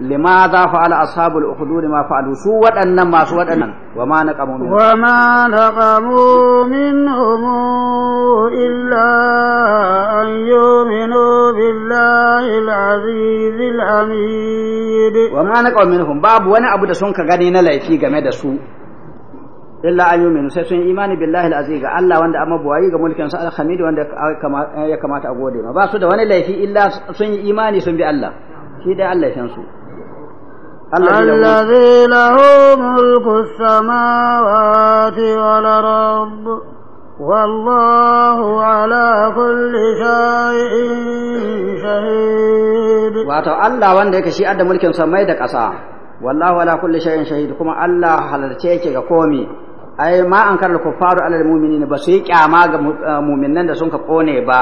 لماذا فعل أصحاب الأخدود ما فعلوا سوى أن ما سوى أن وما نقموا منهم وما نقموا منهم إلا أن يؤمنوا بالله العزيز الحميد وما نقموا منهم باب وانا أبو دسون كغنينا لأيكي غمد سوء illa an yuminu sai sun imani billahi al-aziz ga Allah wanda amma buwayi ga mulkin sa al wanda ya kamata a gode ma ba su da wani laifi illa sun yi imani sun bi Allah shi dai Allah ya su الذي له ملك wanda yake shi adda mulkin samai da ƙasa wallahu ala kulli shay'in shahid kuma Allah halarce yake ga komi ai ma an karar kuffaru alal ba su yi kyama ga mu'minan da sun ka kone ba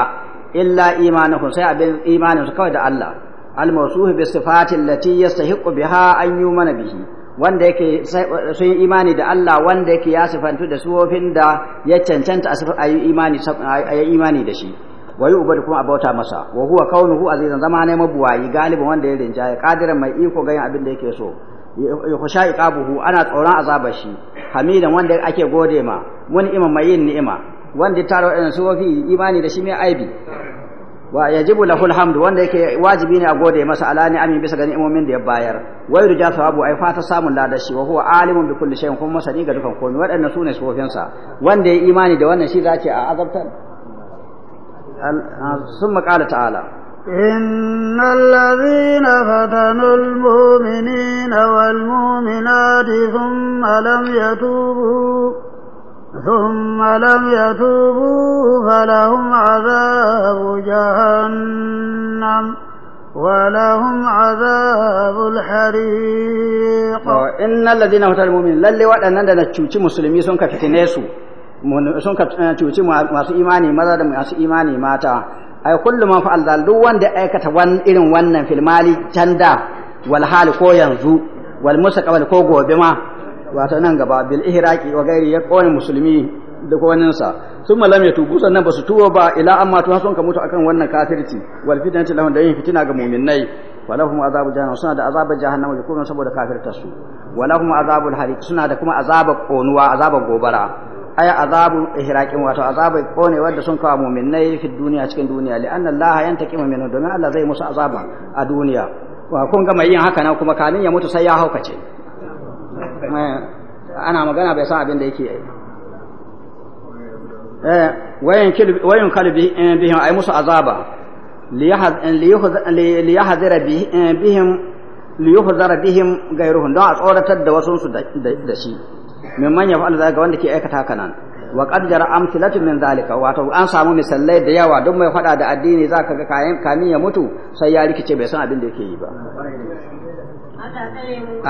illa imanuhum sai abin imanin su kawai da Allah الموصوف بالصفات التي يستحق بها أن biha به bihi wanda yake sun yi imani da Allah wanda yake ya sifantu da suwofin da ya cancanta a ayi imani a yi imani da shi wa ubadu kuma abauta masa wa huwa kaunuhu azizan zama ne mabuwayi galibin wanda ya rinja ya kadiran mai iko ga yin abin da yake so yukhsha iqabuhu ana tsoron azabar shi hamidan wanda ake gode ma mun imam mai yin ni'ima wanda ya tara waɗannan suwofi imani da shi mai aibi wa yajibu lahu alhamdu wanda yake wajibi ne a gode masa ala amin bisa ganin imomin da ya bayar wa yurja thawabu ai fata samun lada shi wa huwa alimun bi kulli shay'in kuma masani ga dukan komai waɗannan sune sofin sa wanda ya imani da wannan shi zace a azabtar summa qala ta'ala إن الذين فتنوا المؤمنين والمؤمنات ثم لم يتوبوا ثم لم يتوبوا فلهم عذاب جهنم ولهم عذاب الحريق إن الذين هم المؤمنين للي وأنا لنا تشوتي مسلمي سنك كتنسو sun ka cuci masu imani maza da masu imani mata ai kullum man fa'al duk wanda aikata irin wannan filmali canda wal hal ko yanzu wal mustaqbal ko gobe ma wato nan gaba bil ihraqi wa gairi ya kone musulmi da kowaninsa sun malam ya tubu sannan ba su tuwo ba ila amma tun sun ka mutu akan wannan kafirci wal fitnati lahum da yin fitina ga mu'minnai walahum azabu jahannam suna da azabar jahannam da kuma saboda kafirtar su walahum azabul hariq suna da kuma azabar konuwa azabar gobara ay azabu ihraqin wato azabar kone wanda sun kawo mu'minnai fi duniya cikin duniya li anna allaha yantaqimu minhu domin Allah zai musu azaba a duniya wa kun ga mai yin haka nan kuma kamin ya mutu sai ya haukace Eh, ana magana bai san abin da yake yi eh, wayan kalbi eh, bihim ay musu azaba liyahzira bihim liyahzira bihim gairuhum don a tsoratar da wasu su da shi min ya fa'al zalika wanda ke aikata kanan nan wa qad jara amsalatu min zalika wato an samu misalai da yawa don mai fada da addini zaka ga kayan kamin ya mutu sai ya rikice bai san abin da yake yi ba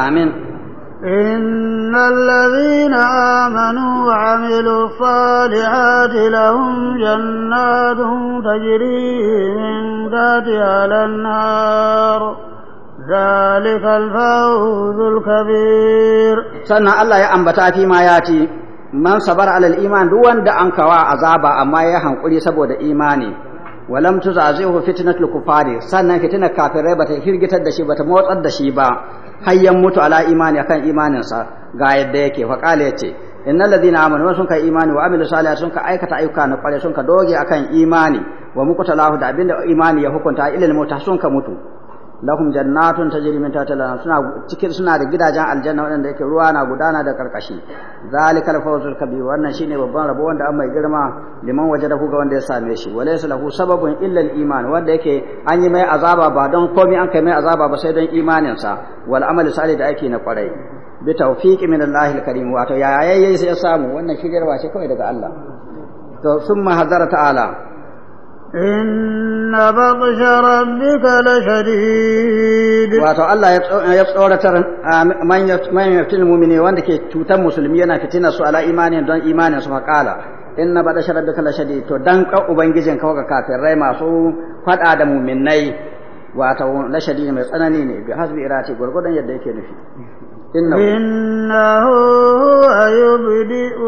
amin إن الذين آمنوا وعملوا الصالحات لهم جنات تجري من تحتها الأنهار ذلك الفوز الكبير سنة الله يا أنبتا فيما ياتي من صبر على الإيمان دون دا أنكوا عذابا أما يهن قولي سبو دا إيماني ولم تزعزيه فتنة الكفار سنة فتنة كافرة بتا هرجت الدشي بتا موت الدشي با hayyan mutu ala imani akan imaninsa ga yadda yake fa kale yace innal ladina amanu sun kai imani wa amilu salihati sun ka aikata ayyuka na kware sun ka doge akan imani wa mukutalahu da abinda imani ya hukunta ilal mutu sun ka mutu lahum jannatun tajri min tahtiha suna cikin suna da gidajen aljanna wanda yake ruwa na gudana da karkashi zalikal fawzul kabir wannan shine babban rabo wanda an mai girma liman ku ga wanda ya same shi walaysa lahu sababun illa al-iman wanda yake an yi mai azaba ba don komai an kai mai azaba ba sai don imanin sa wal amali salih da ake na kwarai bi tawfiqi min Allah al-karim wato yayaye sai ya samu wannan shigarwa ce kawai daga Allah to summa hazara ta'ala inna batsha rabbika shadid wato Allah ya tsoratar manyan yaftil mu'mini wanda ke cutar musulmi yana fitina su ala imani don imanin su faƙala inna batsha rabbika shadid to dan ka ubangijin ka ga rai masu faɗa da mu'minai wato shadid mai tsanani ne bi hasbi irati gurgudan yadda yake nufi إنه, إنه هو يبدئ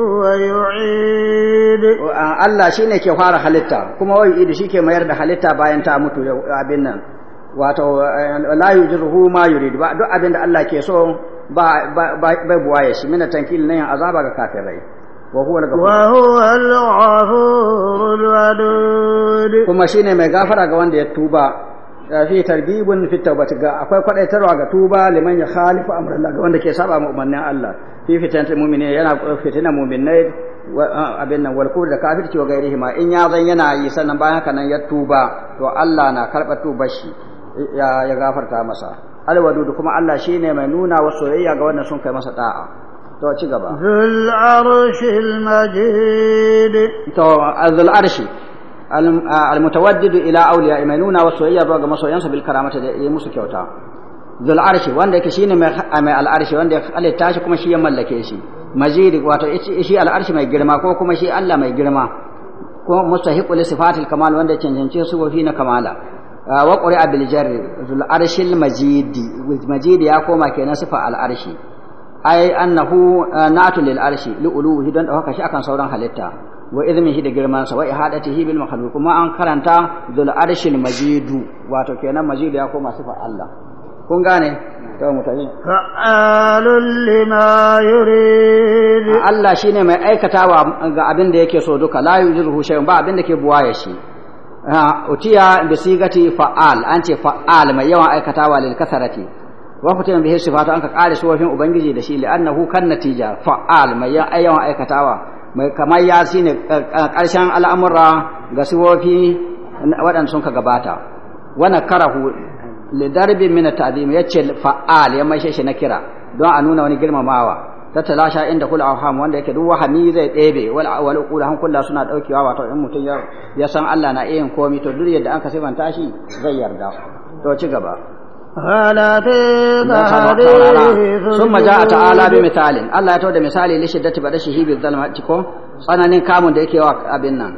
Allah الله ke fara halitta kuma wai idu shi ke mayar da halitta bayan ta mutu abin nan wato la yujruhu ma yurid ba duk abin da Allah ke so ba bai buwaye shi mina tankil nan azaba ga kafirai wa huwa al-ghafur kuma shine mai gafara ga wanda ya tuba fi tarbibun fi tawbati ga akwai kwadaitarwa ga tuba liman ya khalifu amrullah ga wanda ke saba ma ummanin Allah fi fitan mu'mini yana fitina mu'minai abin nan wal kufr da kafirci wa gairihi ma in ya zan yana yi sannan bayan haka nan ya tuba to Allah na karba tubar shi ya gafarta masa alwadud kuma Allah shine mai nuna wa soyayya ga wanda sun kai masa da'a to ci gaba zul arshil majid to azul arshi almutawajjidu ila awliya mai nuna wasu soyayya zuwa ga masoyansa bil karamata da yi musu kyauta zul arshi wanda yake shine mai al wanda ya halitta shi kuma shi ya mallake shi majid wato shi al mai girma ko kuma shi Allah mai girma ko mustahiqu sifatil kamal wanda cancanci sifofi na kamala wa qur'a bil jar zul arshil majid ya koma kenan sifa al arshi ai annahu natu lil luu li uluhi don dauka shi akan sauran halitta wa izmihi da girmansa wa ihadatihi bil makhluq kuma an karanta zul arshil majidu wato kenan majidu ya koma sifar Allah kun gane to mutane fa'alul lima yurid Allah shine mai aikatawa ga abin da yake so duka la yujiruhu shay'un ba abin da ke buwaye shi utiya bi sigati fa'al an ce fa'al mai yawan aikatawa lil kasarati wa fitina bihi sifatu an ka kare sufofin ubangiji da shi li li'annahu kan natija fa'al mai yawan aikatawa mai kamar ya shi ne eh, eh, ƙarshen al'amura ga siwofi waɗanda sun ka gabata wani karahu lidarbin mina ta'zim ya ce fa'al ya mai shi na kira don a nuna wani girmamawa ta talasha inda kula awham wanda yake duk wahami zai ɗebe wal wal han kula suna ɗaukewa wato in mutum ya san Allah na iya komi to duk yadda an ka sifanta shi zai yarda to ci gaba sun maja ta'ala bi misalin Allah ya tauda misali li shiddati ba dashi hibi zalmati ko tsananin kamun da yake wa abin nan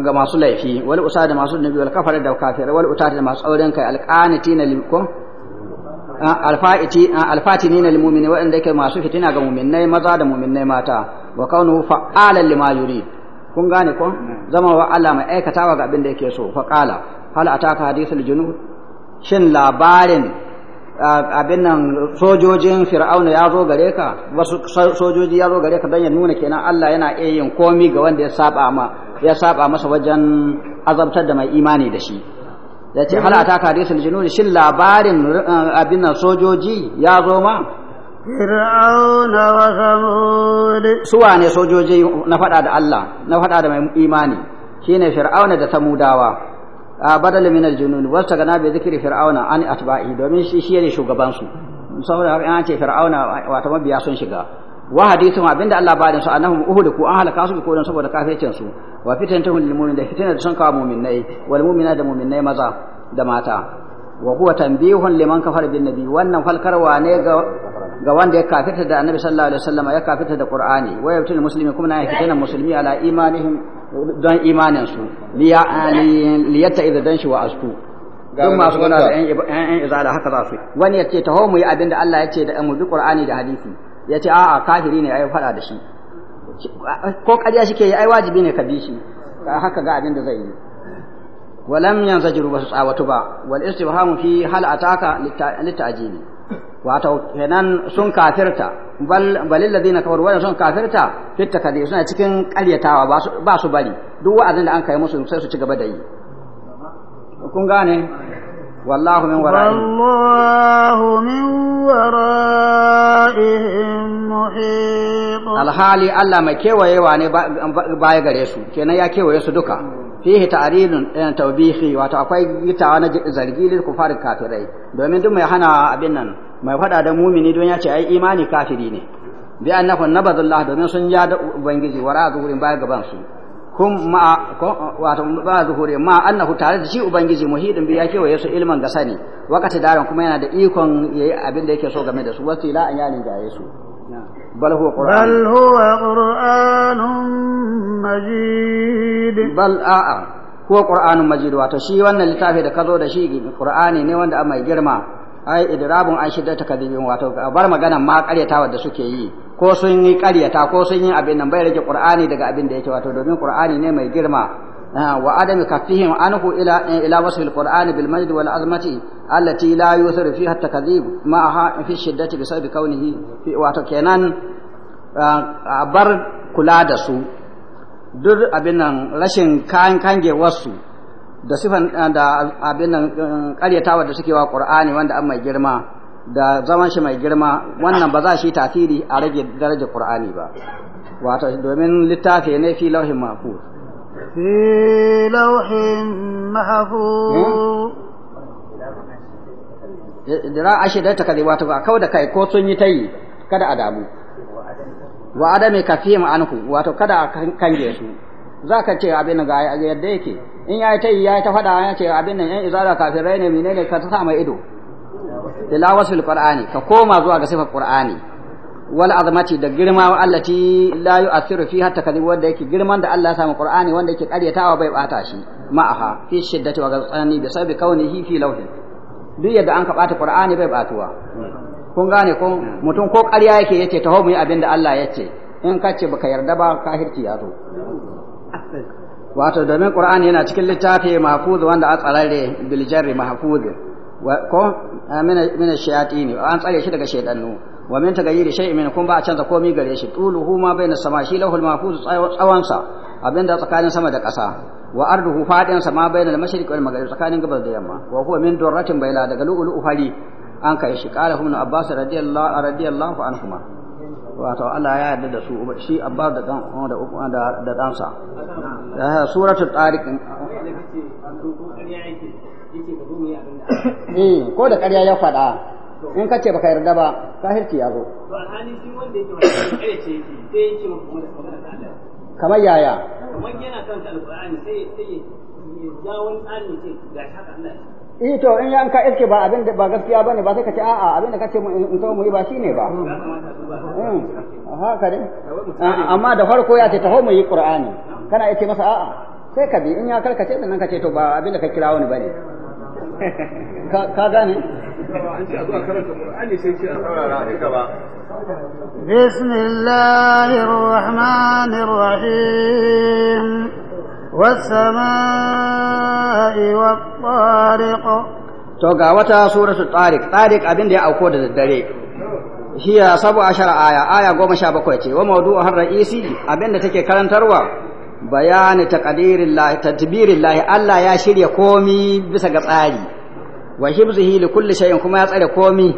ga masu laifi wal usada masu nabi wal kafara da kafirai wal utata masu auren kai alqanitina lil kum alfa'iti alfatinina lil mu'mini wa'anda yake masu fitina ga mu'minai maza da mu'minai mata wa kaunu fa'ala lima yurid kun gane ko mm. zama wa Allah mai aikatawa ga abin da yake so fa qala hal ataka hadithul junud shin labarin abin nan sojojin fir'auna ya zo gare ka wasu sojoji ya zo gare ka don ya nuna kenan Allah yana iya yin komi ga wanda ya saba ma ya saba masa wajen azabtar da mai imani da shi ya ce hal ataka hadisul jununi shin labarin abin nan sojoji ya zo ma fir'auna wa samud suwa ne sojoji na fada da Allah na fada da mai imani shine fir'auna da samudawa badal min aljunun wasta gana bi zikri fir'auna an atba'i domin shi shi ne shugaban su saboda haka an ce fir'auna wato mabiya sun shiga wa hadithun abinda Allah ba da su annahum uhud ku an halaka su ko dan saboda kafircin su wa fitantahum lil mu'min da fitina da sun kawo mu'minai wal mu'mina da mu'minai maza da mata wa huwa tanbihun liman kafara bin nabi wannan falkarwa ne ga ga wanda ya kafirta da annabi sallallahu alaihi wasallam ya kafirta da qur'ani wa yabtul muslimi kuma na fitana muslimi ala imanihim don imanin su liyatta eh, idan dan shi wa asku don masu gona da yan izala haka za su wani yace taho mu yi abin Allah yace da mu bi Qur'ani da hadisi yace a'a kafiri ne ai fada da shi ko ƙarya ke yi ai wajibi ne ka bi shi haka ga abin zai yi walam yanzajiru basu tsawatu ba wal istibhamu fi hal ataka litta'jili wato kenan sun kafirta balil ladina kafaru wa sun kafirta fitta kadi suna cikin ƙaryatawa ba su bari duk wa'azin da an kai musu sai su ci gaba da yi kun gane wallahu min wara'ihim wallahu min wara'ihim muhit alhali Allah mai kewayewa ne baya gare su kenan ya kewaye su duka fihi ta'rilun ɗayan eh, tawbihi wato akwai gitawa na zargi lil kufar kafirai domin duk mai hana abin nan mai faɗa da mumini don ya ce ai imani kafiri ne bi annahu nabadallah domin sun ya da ubangiji wara zuhurin baya gaban su kun ma wato ba zuhuri ma annahu tare da shi ubangiji muhidin bi yake kewaye su ilman ga sani wakati daren kuma yana da ikon yayi abin da yake so game da su wasu ila an yalin yayi su بل هو قرآن بل هو قرآن مجيد بل آآ هو قرآن مجيد واتو شي وانا لتافي دا كذو دا شي قرآني ني وانا أما يجرما ai idrabun an shidda kadibin wato bar maganan ma karyatawa da suke yi ko sun yi karyata ko sun yi abin nan bai rage qur'ani daga abin da yake wato domin qur'ani ne mai girma ah, wa adami kafihim anhu ila eh, ila wasf qur'ani bil majd wal azmati allati la yusir fiha ma ma'aha fi shiddati bisabbi kaunihi wato kenan ah, bar kula da su duk abin nan rashin kan kangewarsu da sifan eh, da abin nan eh, ƙaryatawa da suke wa Qur'ani wanda an mai girma da zaman shi mai girma wannan ba za shi tasiri a rage darajar Qur'ani ba wato domin littafi ne fi lauhin mahfuz fi lauhin mahfuz dira eh, ashe da take wato ba kawai da kai ko sun yi tayi kada a damu wa adami kafim anhu wato kada a kange su za ka ce abin ga yadda yake in ya yi ta yi ya yi ta faɗa ya ce abin nan yan izara kafirai ne menene ka ta sa ido tilawatul qur'ani ka koma zuwa ga sifar qur'ani wal azmati da girma wa allati la yu'athiru hatta kadi wanda yake girman da Allah ya samu qur'ani wanda yake karyatawa bai bata shi ma'aha fi shiddati wa gazani bi sabbi kaunihi fi lawhi duk yadda an ka bata qur'ani bai batuwa kun gane ko mutum ko ƙarya yake yace taho mu yi abin da Allah yace in ka ce baka yarda ba kafirci ya zo wato domin qur'ani yana cikin littafi mahfuz wanda an tsararre bil jarri mahfuz ko eh, min shayatin an tsare shi daga shaytanu wa min da shay'in min kun ba a canza komai gare shi tuluhu ma baina sama shi lahul mahfuz tsawon sa abinda tsakanin sama da ƙasa wa arduhu fadin sama baina al mashriq wal maghrib tsakanin gabas da yamma wa huwa min durratin baila daga lu'ulu'u fari an kai shi qala ibn abbas radiyallahu radiyallahu anhuma wato Allah ya yarda da su shi Abbas da dan da uku da dansa eh suratul tariq eh, eh ko da ƙarya ya faɗa in ka ce baka yarda ba kafirci ya zo kamar yaya kamar yana kan alqur'ani sai sai ya ja wani ce ga haka Allah eh to in yanka iske ba abin da ba gaskiya bane ba sai ka ce a'a abin da kace in tawo mu yi ba shine ba hmm. haka ne amma da farko ya ce taho mu yi qur'ani kana yace masa a'a sai ka bi in ya karkace din nan kace to ba abin da ka kira wani bane *laughs* ka gane بسم الله الرحمن الرحيم والسماء والطارق to ga wata suratu tariq tariq abin da ya auko da daddare hiya sabu ashara aya aya goma sha bakwai ce wa mawdu'u har ra'isi abin da take karantarwa bayani taqdirin lahi lahi Allah ya shirya komi bisa ga tsari wa hibzihi li kulli shay'in kuma ya tsare komi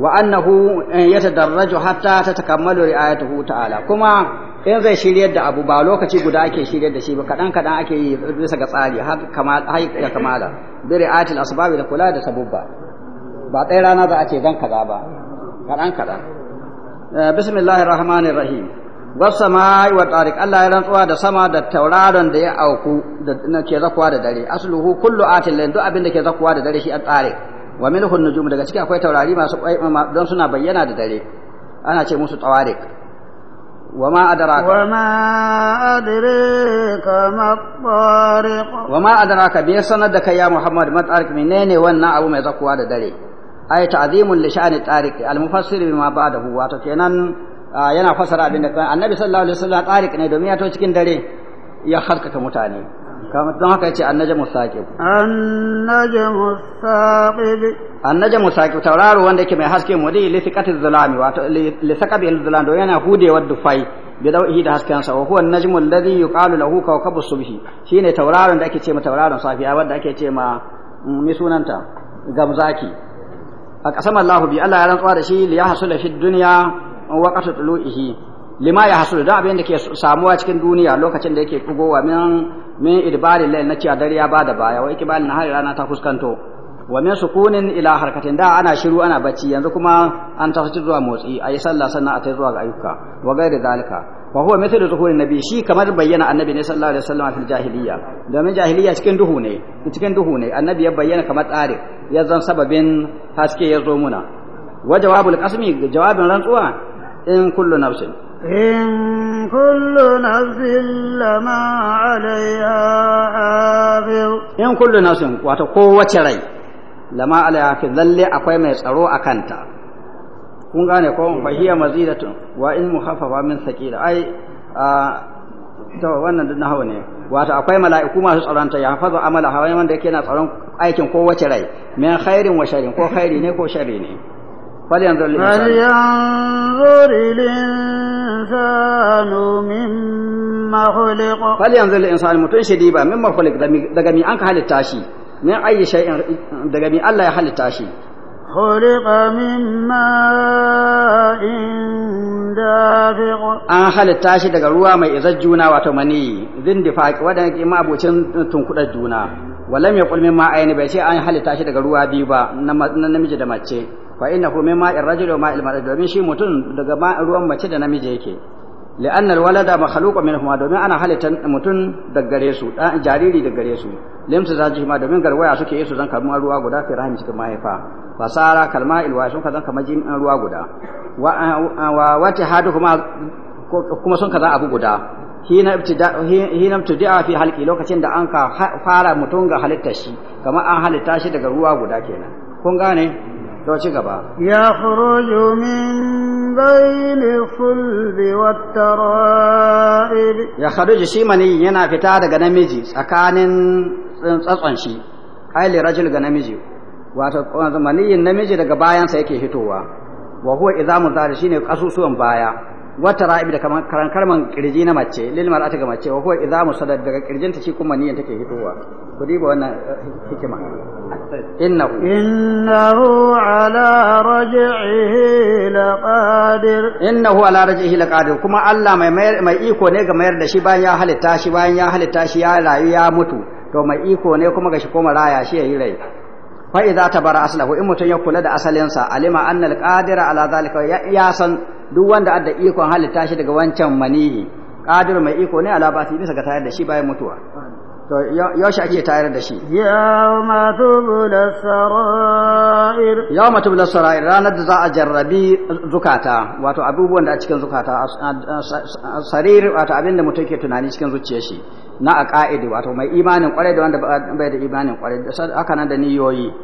wa annahu yatadarraju hatta tatakammalu ri'ayatuhu ta'ala kuma in zai shiryar da abu ba lokaci guda ake shiryar da shi ba kaɗan kadan ake yi bisa ga tsari har kamal har ya kamala bi ri'atil asbab da kula da sabubba ba ɗaya rana za a ce zan kaza ba kaɗan kadan bismillahir rahmanir rahim wasamai wa tariq Allah ya rantsuwa da sama da tauraron da ya auku da ke zakuwa da dare asluhu kullu atil duk abin da ke zakuwa da dare shi at tariq wa milhu nujum daga cikin akwai taurari masu don suna bayyana da dare ana ce musu tawarik wa ma adraka wa ma adraka ma tariq wa ma adraka bi sanar da kai ya muhammad ma tariq menene wannan abu mai zakuwa da dare ay ta'zimun li sha'ni tariq al mufassir bima ba'dahu wato kenan yana fasara abin da annabi sallallahu alaihi wasallam tariq ne domin ya to cikin dare ya halkaka mutane kamar don haka ya yace annajamu saqib annajamu saqib annajamu saqib tauraro wanda yake mai haske mu. li thiqati zulami wato li saqabi al-zulam do yana hudewar dufai bi dauhi da hasken sa wa huwa an-najmu alladhi yuqalu lahu kawkabu subhi shine tauraron da ake ce ma tauraron safiya wanda ake ce ma mi mm, sunanta gamzaki a kasam Allahu bi Allah ya rantsuwa da shi li yahsula fi dunya waqtu tulu'ihi lima ya hasu da abin da ke samuwa cikin duniya lokacin da yake kugowa min min idbarin na cewa dare ya bada baya wai kibalin na hari rana ta fuskanto wa min sukunin ila harkatin da ana shiru ana bacci yanzu kuma an tafi zuwa motsi ayi sallah sannan a tai zuwa ga ayyuka wa gairi zalika wa huwa mithlu zuhurin nabi shi kamar bayyana annabi ne sallallahu alaihi wasallam fil jahiliya domin jahiliya cikin duhu ne cikin duhu ne annabi ya bayyana kamar tsari ya zan sababin haske ya zo muna wa jawabul qasmi jawabin rantsuwa in kullu nafsin إن كل نفس لما عليها حافظ إن كل نفس وتقوة ري لما عليها حافظ للي أقوى يسألو أكانتا kun gane ko fa hiya mazidatun wa in mukhaffafa min thaqila ai to wannan din nahawa ne wato akwai mala'iku masu tsaron ta hafaza amala hawa wanda yake na tsaron aikin kowace rai min khairin wa sharrin ko khairi ne ko sharri ne kɔle yan zoli in sanu tun shaidaiba min ma holi daga min an ka hali tashi min ayyisani daga min allah ya holi tashi. kɔle ka min an halitta shi daga ruwa mai izon juna wato mani zindi faki wadannan ma abokan tunkudar juna wala me kulmin ma aini bai ce an ya halitta shi daga ruwa biba na namiji da mace. fa innahu min ma'ir rajuli wa ma'il mar'ati domin shi mutum daga ruwan mace da namiji yake li'anna walada makhluqun huma domin ana halitta mutum daga gare su jariri daga gare su limsa zaji ma domin garwaya suke yi su zan kalma ruwa guda fi rahim cikin mahaifa fasara kalma ilwa sun ka zan kamar jin ruwa guda wa wata hadu kuma kuma sun ka abu guda hina ibtida hina ibtida fi halqi lokacin da an ka fara mutum ga halitta shi kamar an halitta shi daga ruwa guda kenan kun gane to ci gaba ya khuruju min bayni fulbi wata tara'ib ya kharuju shi mani yana fita daga namiji tsakanin tsatson shi aili rajul ga namiji wato maniyin namiji daga bayansa yake hitowa wa huwa idamu zari ne kasusuwan baya wata ra'ibi da karan karman kirji na mace lil mar'ati ga mace wa huwa idza musaddad daga kirjinta shi kuma niyan take hitowa ku diba wannan eh, hikima innahu innahu ala raj'ihi laqadir innahu ala raj'ihi laqadir kuma Allah mai mai iko ne ga mayar da shi bayan ya halitta shi bayan ya halitta shi ya rayu ya mutu to mai iko ne kuma ga shi koma raya shi yayi rai fa idza tabara aslahu in mutun ya kula da asalinsa alima anna alqadira ala zalika ya san duk wanda adda ikon halitta shi daga wancan manihi qadir mai iko ne ala basi bisa ga tayar da shi bayan mutuwa to yaushe ake tayar da shi yawma tubla sarair yawma tubla sarair ranar da za a jarrabi zukata wato abubuwan da a cikin zukata sarir wato abin da mutum ke tunani cikin zuciyar shi na ka'idi wato mai imanin kwarai da wanda bai da imanin kwarai haka nan da niyoyi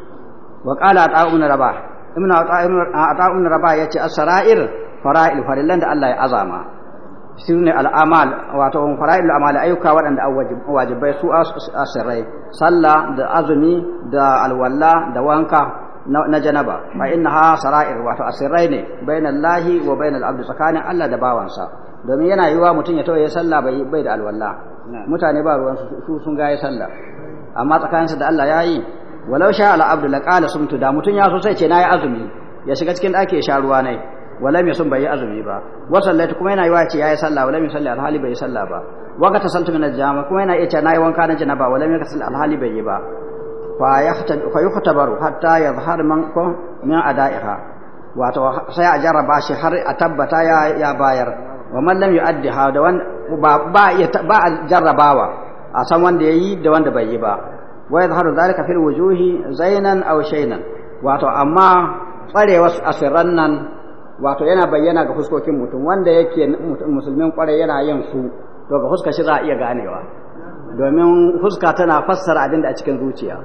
wa qala ta'un raba ibnu ta'un raba yace as-sarair fara'il farillan da Allah ya azama su ne al'amal wato fara'il al'amal ayyuka waɗanda wajibai su asirai sallah da azumi da alwala da wanka na janaba fa innaha sara'ir wato asirai ne bainal lahi wa bainal abdi tsakanin Allah da bawansa domin yana yiwa mutum ya tawaye sallah bai bai da alwala mutane ba ruwan su sun ga ya sallah amma tsakaninsa da Allah yayi walau sha al'abdu abdu laqala sumtu da mutum ya so sai ce nayi azumi ya shiga cikin ɗaki ya sha ruwa nai walam yasum bai azumi ba wa sallati kuma yana yiwa ce yayi sallah walam yusalli alhali bai sallah ba wa ka tasaltu min aljama kuma yana iya ce nayi wanka na janaba walam yakasal alhali bai yi ba fa yahtabu fa yuhtabaru hatta yadhhar man ko min adaiha wato sai a jarraba shi har a tabbata ya ya bayar wa man lam yu'addiha da wanda ba ba ba jarrabawa a san wanda yayi da wanda bai yi ba wa yadhharu dhalika fil wujuhi zainan aw shaynan wato amma tsarewa asirran nan wato yana bayyana ga fuskokin mutum wanda yake musulmin kwarai yana yin su to ga fuska shi za a iya ganewa domin fuska tana fassara abin da a cikin zuciya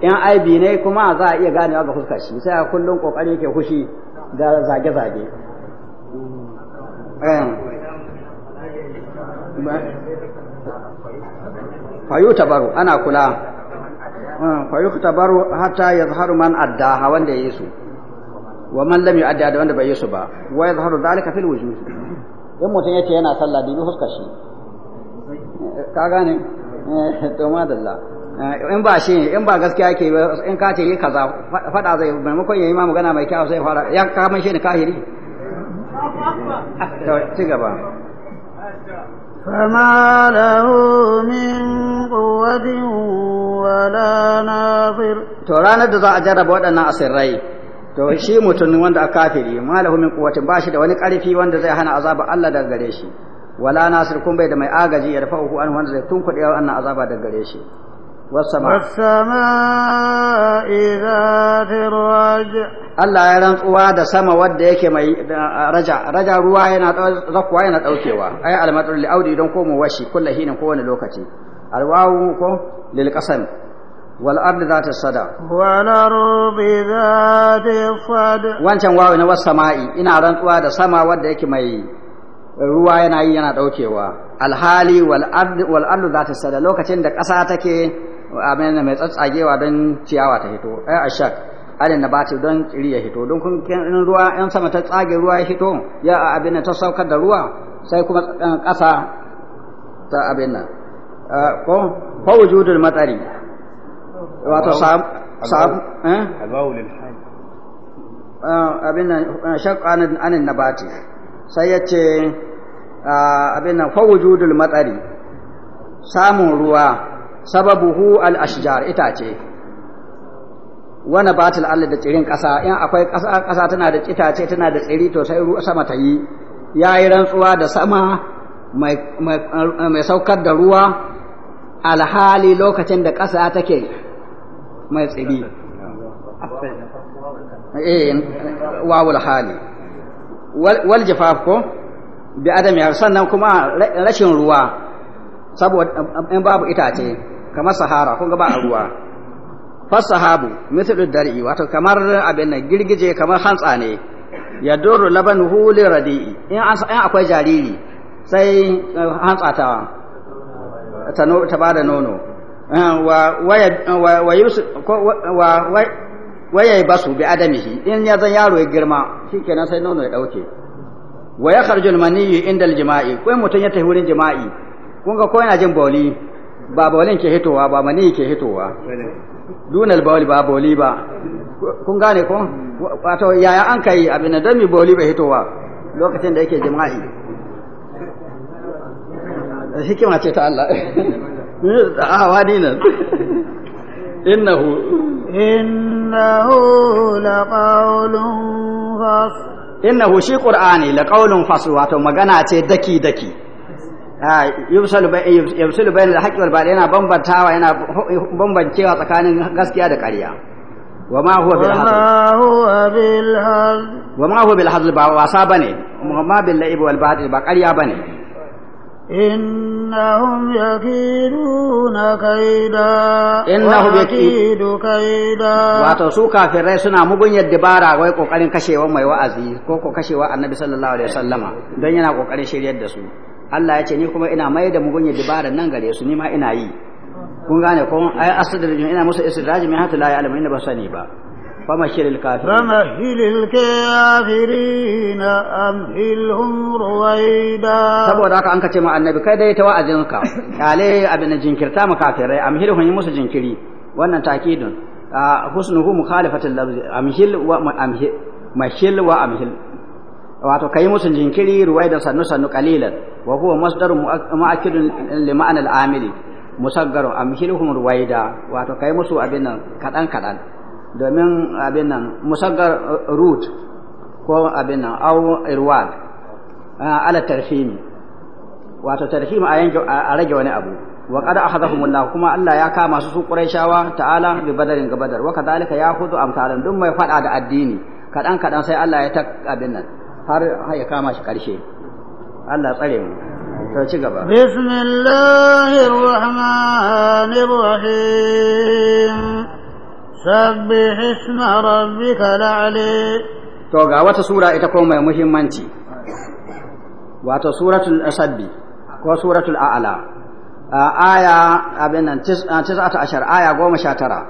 in aibi ne kuma za a iya ganewa ga fuska shi sai kullum kokari yake hushi da zage-zage eh. fayu tabaru ana kula eh, fayu tabaru hatta ya man adda wanda ya yi su wa man lam yu'addi da wanda bai yi su ba wa yadhharu dhalika fil wujuh in mutum yace yana sallah dibi huskar shi ka gane to madalla in ba shi in ba gaskiya yake ba in ka ce yi kaza fada zai maimakon yayi ma magana mai kyau sai fara ya ka man shi ne kahiri to ci gaba فما له من قوة ولا ناصر to ranar da za a jarraba waɗannan asirrai to shi mutum wanda a kafiri malahu min quwwatin ba shi da wani karfi wanda zai hana azaba Allah daga gare shi wala nasir kun bai da mai agaji ya hu an wanda zai tunkuɗe wannan azaba daga gare shi والسماء والسماء idza tiraj Allah ya rantsuwa da sama wadda yake mai raja raja ruwa yana zakwa yana daukewa ai almatul li audi don komo washi kullahin kowane lokaci alwawu ko lil qasam والأرض ذات الصدى والأرض ذات الصدى وانشان واو نوا السماء إنا رنقوا دا سما ود يكي مي ruwa yana yi yana daukewa alhali wal ardu za ta sada lokacin da ƙasa take amen mai tsatsagewa don ciyawa ta hito ai ashak alin nabati don tsiri ya hito don kun in ruwa in sama ta tsage ruwa ya hito ya abin ta saukar da ruwa sai kuma ƙasa ta abin nan ko fa wujudul matsari wato Sam. sab eh ah, abin nan ah, shaqqa anin nabati sai yace ah, abin nan fa wujudul matsari samun ruwa sababuhu al ashjar itace Wani batul allah da tsirin ƙasa in akwai ƙasa ƙasa tana da itace tana da tsiri to sai ruwa sama ta yi yayi rantsuwa da sama mai saukar da ruwa alhali lokacin da ƙasa take mai tsiri eh wawul hali wal jafaf ko bi adam ya sannan kuma rashin ruwa saboda in babu itace kamar sahara kun ga ba ruwa fa sahabu mithlu dar'i wato kamar abin nan girgije kamar hantsa ne ya doro labanu huli radi'i in an akwai jariri sai eh, hantsa ta ta ba da nono wa ya su bi adamihi in ya zan yaro ya girma shikenan sai nono ya dauke wa ya kharjul maniyyu inda jima'i ko mutum ya tafi wurin jima'i kun ga ko yana jin bauli ba baulin ke hitowa ba maniyyi ke hitowa dunal bauli ba bauli ba kun gane ko wato yaya an kai abin da mi bauli ba hitowa lokacin da yake jima'i hikima ce ta Allah awa ne nan innahu innahu laqawlun fas innahu shi qur'ani laqawlun fas wato magana ce daki daki yubsul bayan da haƙƙi wal yana bambantawa yana bambancewa tsakanin gaskiya da ƙarya wa ma huwa bil hazl wa ma huwa bil hazl ba wasa bane ma bil la'ib wal ba ƙarya bane إنهم يكيدون كيدا إنهم يكيد كيدا wato su rai suna mugunyar dabara wai kokarin kashewa mai wa'azi ko ko kashewa annabi sallallahu alaihi wasallama don yana kokarin shiryar da su Allah ya ce ni kuma ina mai da mugunyar dabara nan gare su ni ma ina yi kun gane ko ai asidrajin ina musu istidraji min hatta la ya'lamu inna ba sani ba فمشر الكافرين فمهل الكافرين أمهلهم رويدا saboda haka anka kace ma annabi kai dai ta wa'azinka a abin jinkirta mu kafirai amhilhum yi musu jinkiri wannan takidun husnuhu mukhalifatul lafzi amhil wa wato kai musu jinkiri ruwaida sannu sannu qalilan wa huwa masdar mu'akkidun li ma'anal amili musaggar amhilhum ruwaida wato kai musu abin nan kadan kadan domin abin nan musaggar uh, root ko abin nan au irwal ala tarhimi wato tarhimi a yanke a rage wani abu wa qad Allah kuma Allah ya kama su su quraishawa ta'ala bi badarin ga badar wa ya khudu amsalan duk mai fada da addini kadan kadan sai Allah ya ta abin nan har ya kama shi karshe Allah tsare mu to ci gaba bismillahir rahmanir rahim sabbih isma rabbika la'ali to ga wata sura ita ko mai muhimmanci wato suratul Asabi ko suratul a'la aya abin nan 19 aya goma sha tara,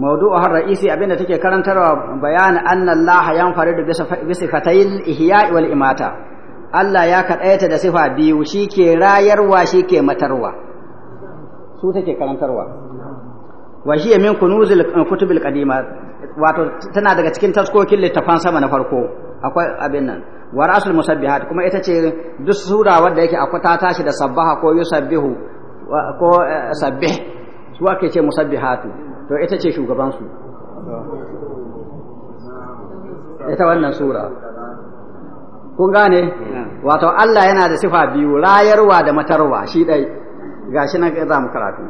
mawdu'u har ra'isi abin da take karantarwa bayan anna allaha yanfaridu bi sifatayil ihya'i wal imata Allah ya kaɗaita da sifa biyu shi ke rayarwa shi ke matarwa su take karantarwa wa hiya min kunuzil eh, kutubil qadima wato tana daga cikin taskokin littafan sama na farko akwai abin nan wa rasul musabbihat kuma ita ce duk sura wadda yake akwai ta tashi da sabbaha ko yusabbihu ko eh, sabbih su ake ce musabbihatu to ita ce shugaban su ita wannan sura kun gane wato Allah yana da sifa biyu rayarwa da matarwa shi dai gashi nan za mu karatu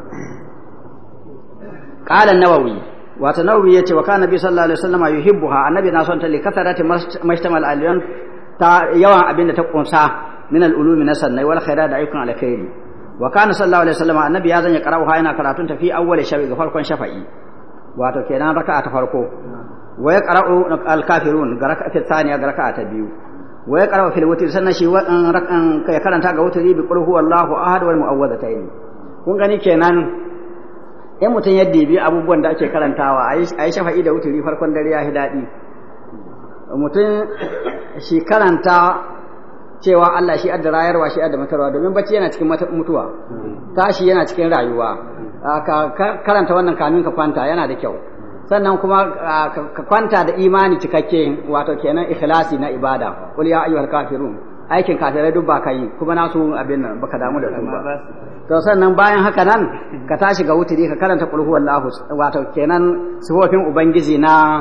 qala an-nawawi wato nawawi yace wa kana nabi sallallahu alaihi wasallam yuhibbuha annabi na son ta li kasarati mashtamal aliyan ta yawan abin ta kunsa min al na sannai wal khairat da ayyukan alkhairi wa kana sallallahu alaihi wasallam annabi ya zanya qara'uha yana karatun ta fi awwal shafi ga farkon shafa'i wato kenan raka'a ta farko wa ya qara'u al-kafirun ga raka'a ta biyu wa ya qara'u sannan shi ya karanta ga wutri bi qul huwallahu ahad wal mu'awwidhatayn kun gani kenan in mutum ya bi abubuwan da ake karantawa a yi shafa'i da wuturi farkon dare ya fi daɗi mutum shi karanta cewa Allah shi adda rayarwa shi adda matarwa domin bacci yana cikin mutuwa tashi yana cikin rayuwa ka karanta wannan kamin ka kwanta yana da kyau sannan kuma ka kwanta da imani cikakke wato kenan ikhlasi na ibada qul ya ayyuhal kafirun aikin kafirai duk ba kai yi kuma su abin nan baka damu da su ba to sannan bayan haka nan ka tashi ga wuturi ka karanta qul huwallahu wato kenan sifofin ubangiji na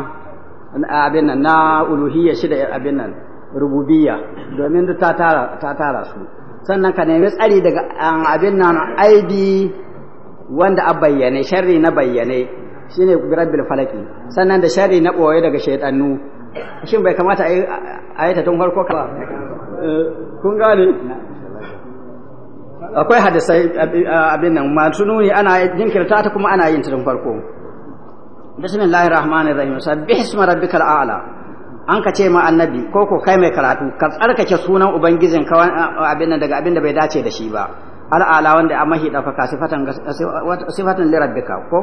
abin nan na uluhiyya shida abin nan rububiyya domin duk ta tara su sannan ka nemi tsari daga abin nan aibi wanda a bayyane sharri na bayyane shine rabbil falaki sannan da sharri na boye daga shaytanu shin bai kamata a yi ta tun farko ka eh, kun gane akwai hadisai abin nan masu nuni ana jinkirta ta kuma ana yin tun farko bismillahir rahmanir rahim sabbih isma rabbikal a'la an ka ce ma annabi ko ko kai mai karatu ka tsarkake sunan ubangijin ka abin nan daga abin da bai dace da shi ba al'ala wanda a mahi daukaka sifatan sifatan li rabbika ko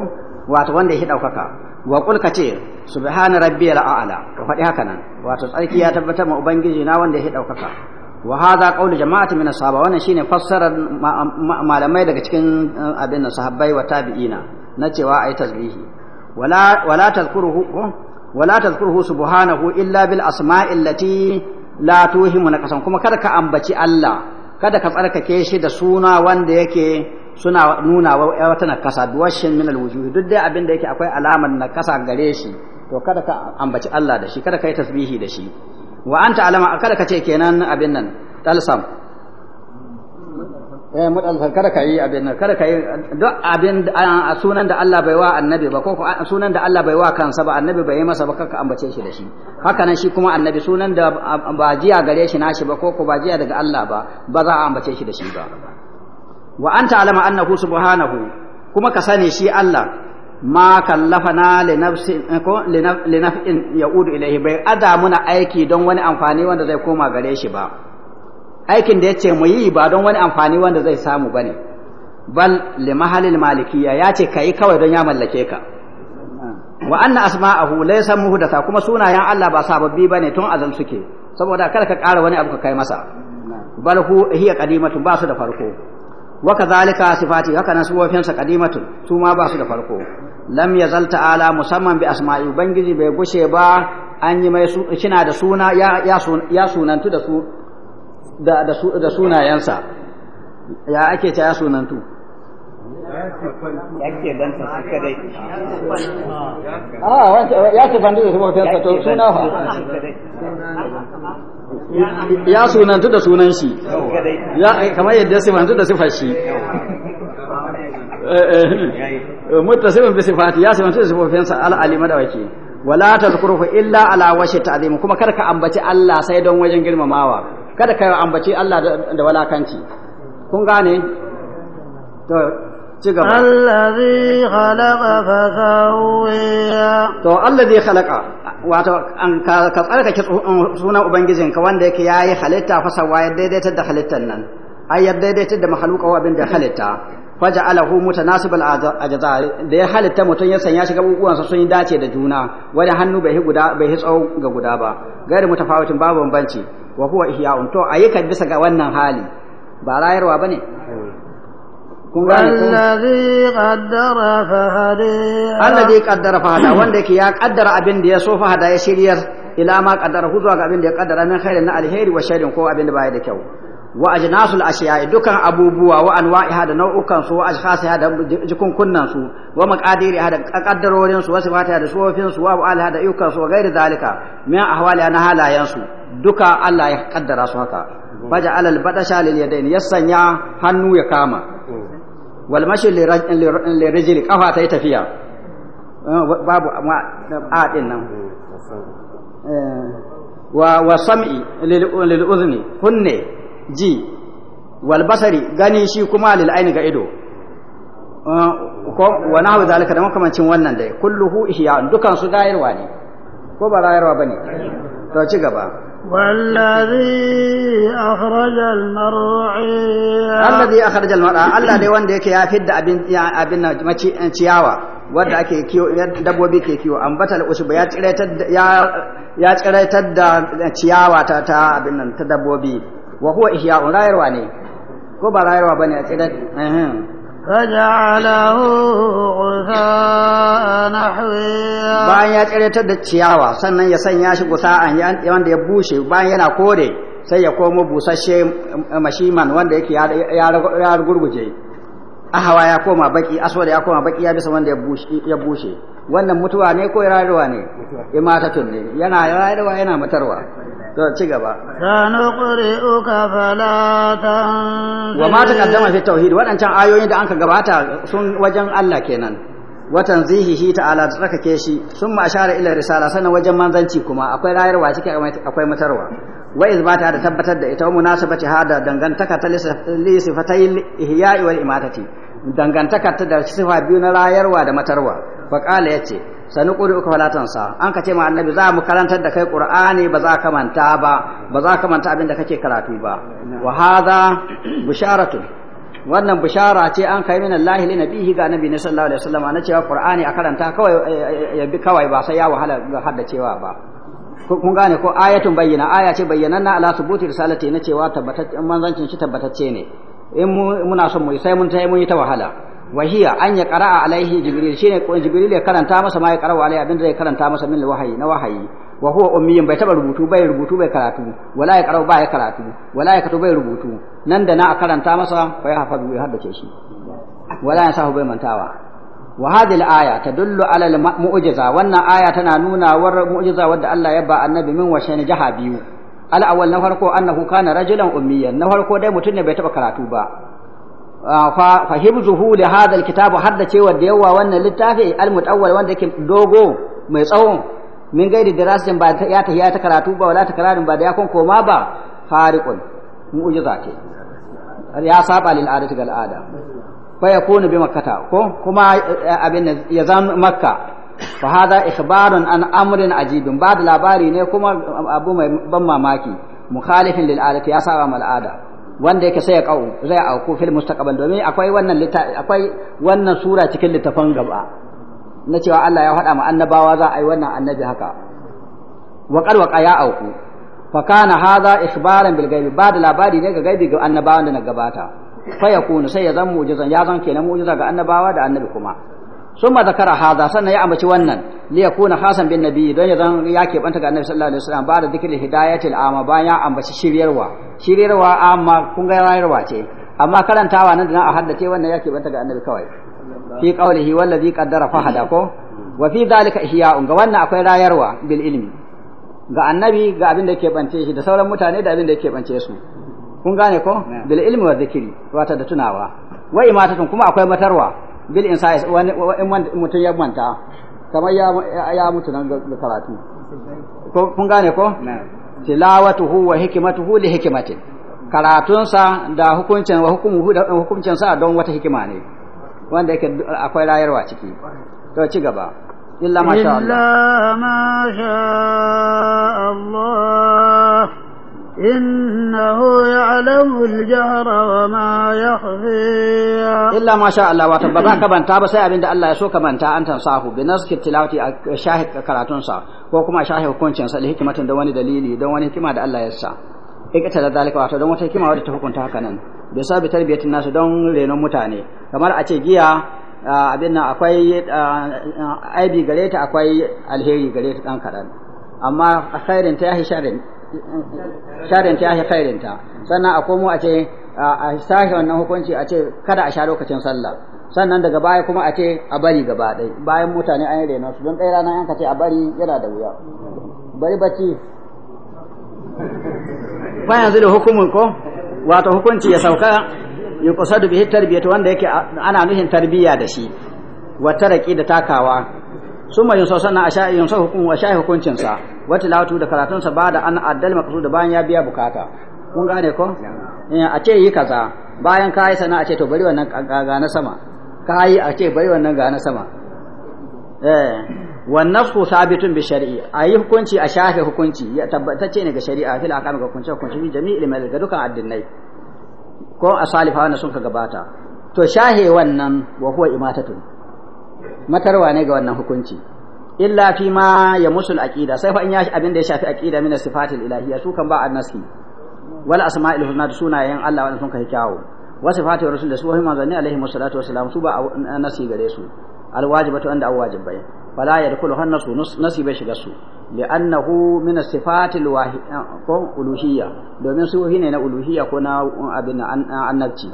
wato wanda yake daukaka wa kul ka ce subhana rabbiyal a'la ka faɗi haka nan wato tsarki ya tabbatar ma ubangiji na wanda yake daukaka wa hadha qawlu jama'atin min ashaba wannan shine fassarar malamai daga cikin eh, abin sahabbai wa tabi'ina na cewa ai tasbihi wala wala tazkuruhu oh, wala tazkuruhu subhanahu illa bil asma'i allati la tuhimu naqasan kuma kada ka ambaci Allah kada ka tsarkake shi da suna wanda yake suna nuna wata nakasa duwashin min alwujuhi duk dai abin da yake akwai alamar nakasa gare shi to kada ka ambaci Allah da shi kada ka yi tasbihi da shi wa an ta'alama alama kada ka ce kenan abin nan dalsam eh mudalsam kada ka yi abin nan kada ka yi duk abin a sunan da Allah bai wa annabi ba ko sunan da Allah bai wa kansa ba annabi bai yi masa ba kanka ambace shi da shi haka nan shi kuma annabi sunan da ba jiya gare shi nashi ba ko ko ba jiya daga Allah ba ba za a ambace shi da shi ba wa an alama annahu subhanahu kuma ka sani shi Allah ma kallafana linaf'in eh, ya'udu ilaihi bai ada muna aiki don wani amfani wanda zai koma gare shi ba aikin da ya ce mu yi ba don wani amfani wanda zai samu ba ne bal limahalil malikiya ya ce ka yi kawai don ya mallake ka wa anna asma'ahu laysa muhdatha kuma sunayen Allah ba sababbi bane tun azal suke saboda kada ka ƙara wani abu ka kai masa bal hu hiya qadimatun ba su da farko wa kadhalika sifati haka nan suwofinsa qadimatun su ma ba su da farko lam yazal ta'ala musamman bi asma'i ubangiji bai gushe ba an yi mai suna da suna ya sunantu da su da sunayensa ya ake ta ya sunantu ta suka dai ya ce ah, suna fa ya sunantu da sunan shi ya kamar yadda sunantu da sifar shi muttasimin bi sifati ya sifantu sifofin sa al alima da wake wala tazkuruhu illa ala washi ta'zim kuma kada ka ambaci Allah sai don wajen girmamawa kada ka ambaci Allah da walakanci kun gane to ci gaba allazi khalaqa fa sawwa to allazi khalaqa wato an ka ka tsarkake sunan ka wanda yake yayi halitta fa sawwa ya daidaitar da halittan nan ai ya daidaita da mahaluka wa abin da halitta alahu faja'alahu mutanasibal ajza da ya halitta mutum ya sanya shiga bubuwan sa sun dace da juna wani hannu bai hi guda bai hi tsawo ga guda ba gairi mutafawitin babu bambanci wa huwa ihya'un to ayyuka bisa ga wannan hali ba rayarwa bane kun gane ko alladhi qaddara fa hada alladhi qaddara wanda yake ya kaddara abin da ya so fa hada ya shiryar ila ma qaddara hu ga abin da ya kaddara min khairin na alheri wa sharrin ko abin da baya da kyau wa ajnasul ashiya'i dukan abubuwa wa anwa'iha da nau'ukan su wa ashkhasiha da kunnan su wa maqadiriha da kaddarorin su wa sifatiha da sufofin su wa ba'alha da ayyukan su wa ghairi zalika min ahwaliha na halayen su duka Allah ya kaddara su haka baja alal badasha lil yadayn yasanya hannu ya kama wal mashi li rajul kafa ta tafiya eh, babu a din nan eh, wa sam'i lil uzni kunne ji wal basari gani shi kuma lil aini ga ido uh, ko wa nahwu zalika da makamancin wannan dai kulluhu ihya dukan su rayarwa ne ko ba ba bane to ci gaba wallazi أخرج المرعى الذي أخرج المرعى الله دي وان ديك يا فد أبن يا أبن ما تشياوا wanda ake kiwo dabbobi ke kiwo ambata al'usuba ya tsiraitar ya ya tsiraitar da ciyawa ta ta abin nan ta dabbobi wa huwa ihya'un rayarwa ne ko ba rayarwa bane a tsirar فجعله غثاء نحويا bayan ya tsiratar da ciyawa sannan ya sanya shi gusa'an wanda ya bushe bayan yana kore sai ya komo busasshe mashiman wanda yake ya gurguje ahawa ya koma baki aswad ya koma baki ya bisa wanda ya bushe wannan mutuwa ne ko rayuwa ne imatatun ne yana rayuwa yana matarwa to ci gaba sanuqri'uka fala tansa wa ma kaddama fi tauhid wadancan ayoyin da anka gabata sun wajen Allah kenan watan wa tanzihihi ta'ala tsakake shi sun ma ashara ila risala sana wajen manzanci kuma akwai rayarwa cike akwai matarwa wa izbata da tabbatar da ita munasabati hada dangantaka ta lisifatai ihya'i wal imatati dangantaka ta da sifa biyu na rayarwa da matarwa faƙala ya ce sani ƙuri uka sa, an ka ce ma annabi za mu karantar da kai ƙur'ani ba za ka manta ba ba za ka manta abin da kake karatu ba wa hadha bisharatu wannan bishara ce an kai min Allah li nabihi ga nabi sallallahu alaihi wasallam na cewa ƙur'ani a karanta kawai eh, ya bi kawai ba sai ya wahala haddacewa ba kun gane ko ayatun bayyana aya ce bayyananna ala subuti risalati na cewa tabbataccen manzancin shi tabbatacce ne in muna son mu sai mun ta mun yi ta wahala wahiya an ya qara'a alaihi jibril shine ko jibril ya karanta masa ma ya wa alaihi abinda zai karanta masa min wahayi na wahayi wa huwa ummiyin bai taba rubutu bai rubutu bai karatu wala ya ba ya karatu wala ya bai rubutu nan da na a karanta masa fa ya hafazu ya haddace shi wala ya sahu bai mantawa wa hadhihi al-aya tadullu ala al-mu'jiza wannan aya tana nuna war mu'jiza wadda Allah ya ba annabi min washe ne jaha biyu al na farko annahu kana rajulan ummiyan na farko dai mutum ne bai taba karatu ba fa hibzuhu li hadha alkitab hadda cewa da yawa wannan littafi almutawwal wanda yake dogo mai tsawo min gairi dirasin ba ya tahiya ta karatu ba wala ta karatu ba da ya koma ba fariqun mu'jiza ce ya saba lil adati gal ada fa yakunu bi makkata ko kuma abin ya zan makka fa hadha ikhbarun an amrin ajibin ba da labari ne kuma abu mai ban mamaki mukhalifin lil adati ya saba mal ada wanda yake sai ya kau zai auku fil mustaqbal domin akwai wannan akwai wannan sura cikin littafin gaba na cewa Allah ya faɗa ma annabawa za a yi wannan annabi haka wa qad ya auku fa kana hadha ikhbaran bil ghaibi ba da labari ne ga gaibi ga annabawan da na gabata fa yakunu sai ya zan mu'jiza ya zan kenan mu'jiza ga annabawa da annabi kuma Sun summa zakara hadha sannan ya ambaci wannan li yakuna hasan bin nabi dan ya zan ya ke banta ga annabi sallallahu alaihi wasallam ba'da dhikri hidayatil amma bayan ya ambaci shiryarwa shiryarwa amma kun ga rayarwa ce amma karantawa nan dan a haddace wannan ya ke banta ga annabi kawai fi qawlihi wallazi qaddara fa hada ko wa fi dhalika ihya'un ga wannan akwai rayarwa bil ilmi ga annabi ga abin da yake bance shi da sauran mutane da abin da yake bance su kun gane ko bil ilmi wa dhikri wata da tunawa wa imatatun kuma akwai matarwa bil insayis wani mutum ya manta kamar ya mutu nan ga karatu ko kun gane ko tilawatuhu wa hikmatuhu li hikmatin karatunsa da hukuncin wa hukuncin sa don wata hikima ne wanda yake akwai rayarwa ciki to ci gaba illa ma sha Allah illa ma sha Allah إنه يعلم الجهر وما يخفي إلا ما شاء الله وتبقى كبان تابا سي أبين الله يسو كمان تا أنت صاحو بنسك التلاوة شاهد كراتون صاح وكما شاهد كونشن سأل حكمة دواني دليلي دواني حكمة دا الله يسا ikita da dalika wato don wata hikima wadda ta hukunta haka nan bai sa bi tarbiyatin nasu don renon mutane kamar a ce giya abin nan akwai aibi gare ta akwai alheri gare ta dan karan amma a khairin ta yahi sharin sharinta ya kairinta sannan a komo a ce a sahi wannan hukunci a ce kada a sha lokacin sallah sannan daga baya kuma a ce a bari gaba ɗaya bayan mutane an yi rena su don ɗaya rana ka ce a bari yana da wuya bari bacci ba yanzu da hukumin ko wato hukunci ya sauka ya kusa da bihi tarbiyyatu wanda yake ana nufin tarbiyya da shi wa taraki da takawa su ma so a sha yin so hukumu a sha sa wata lawatu da sa ba da an addal maqsud bayan ya biya bukata kun gane ko eh, a ce yi kaza bayan ka yi sana a ce to bari wannan ga na sama ka yi a ce bari wannan ga na sama eh wan nafsu sabitun bi shar'i ayi hukunci a shafe hukunci ya tabbatacce ne ga shari'a fil aqam ga hukunci hukunci jami'il mal ga dukan addinai ko a salifa wannan sun ka gabata to shahe wannan wa huwa imatatun matarwa ne ga wannan hukunci illa fi ma ya musul aqida sai fa in yashi abin da ya shafi aqida min sifatil ilahiyya su kan ba annasi wal asma'il husna da sunayen Allah wanda sun kai kyawu wa sifatu rasul da suwahi manzanni alaihi wassalatu wassalam su ba annasi gare su al wajibatu anda aw wajibai fala yadkhulu hanna su nasi bai shiga su li'annahu min sifatil wahid ko uluhiyya domin su ne na uluhiyya ko na abin annabci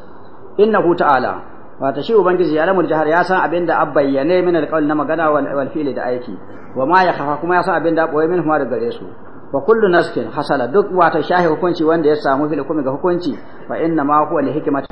innahu ta'ala wata shi ubangiji ya lamul jihar ya san abinda a bayyane min alqawl na magana wal fi'li da aiki wa ma ya khafa kuma ya san abinda boye min kuma da gare su wa kullu naskin hasala duk wata shahi hukunci wanda ya samu fil kuma ga hukunci fa inna ma huwa li hikmati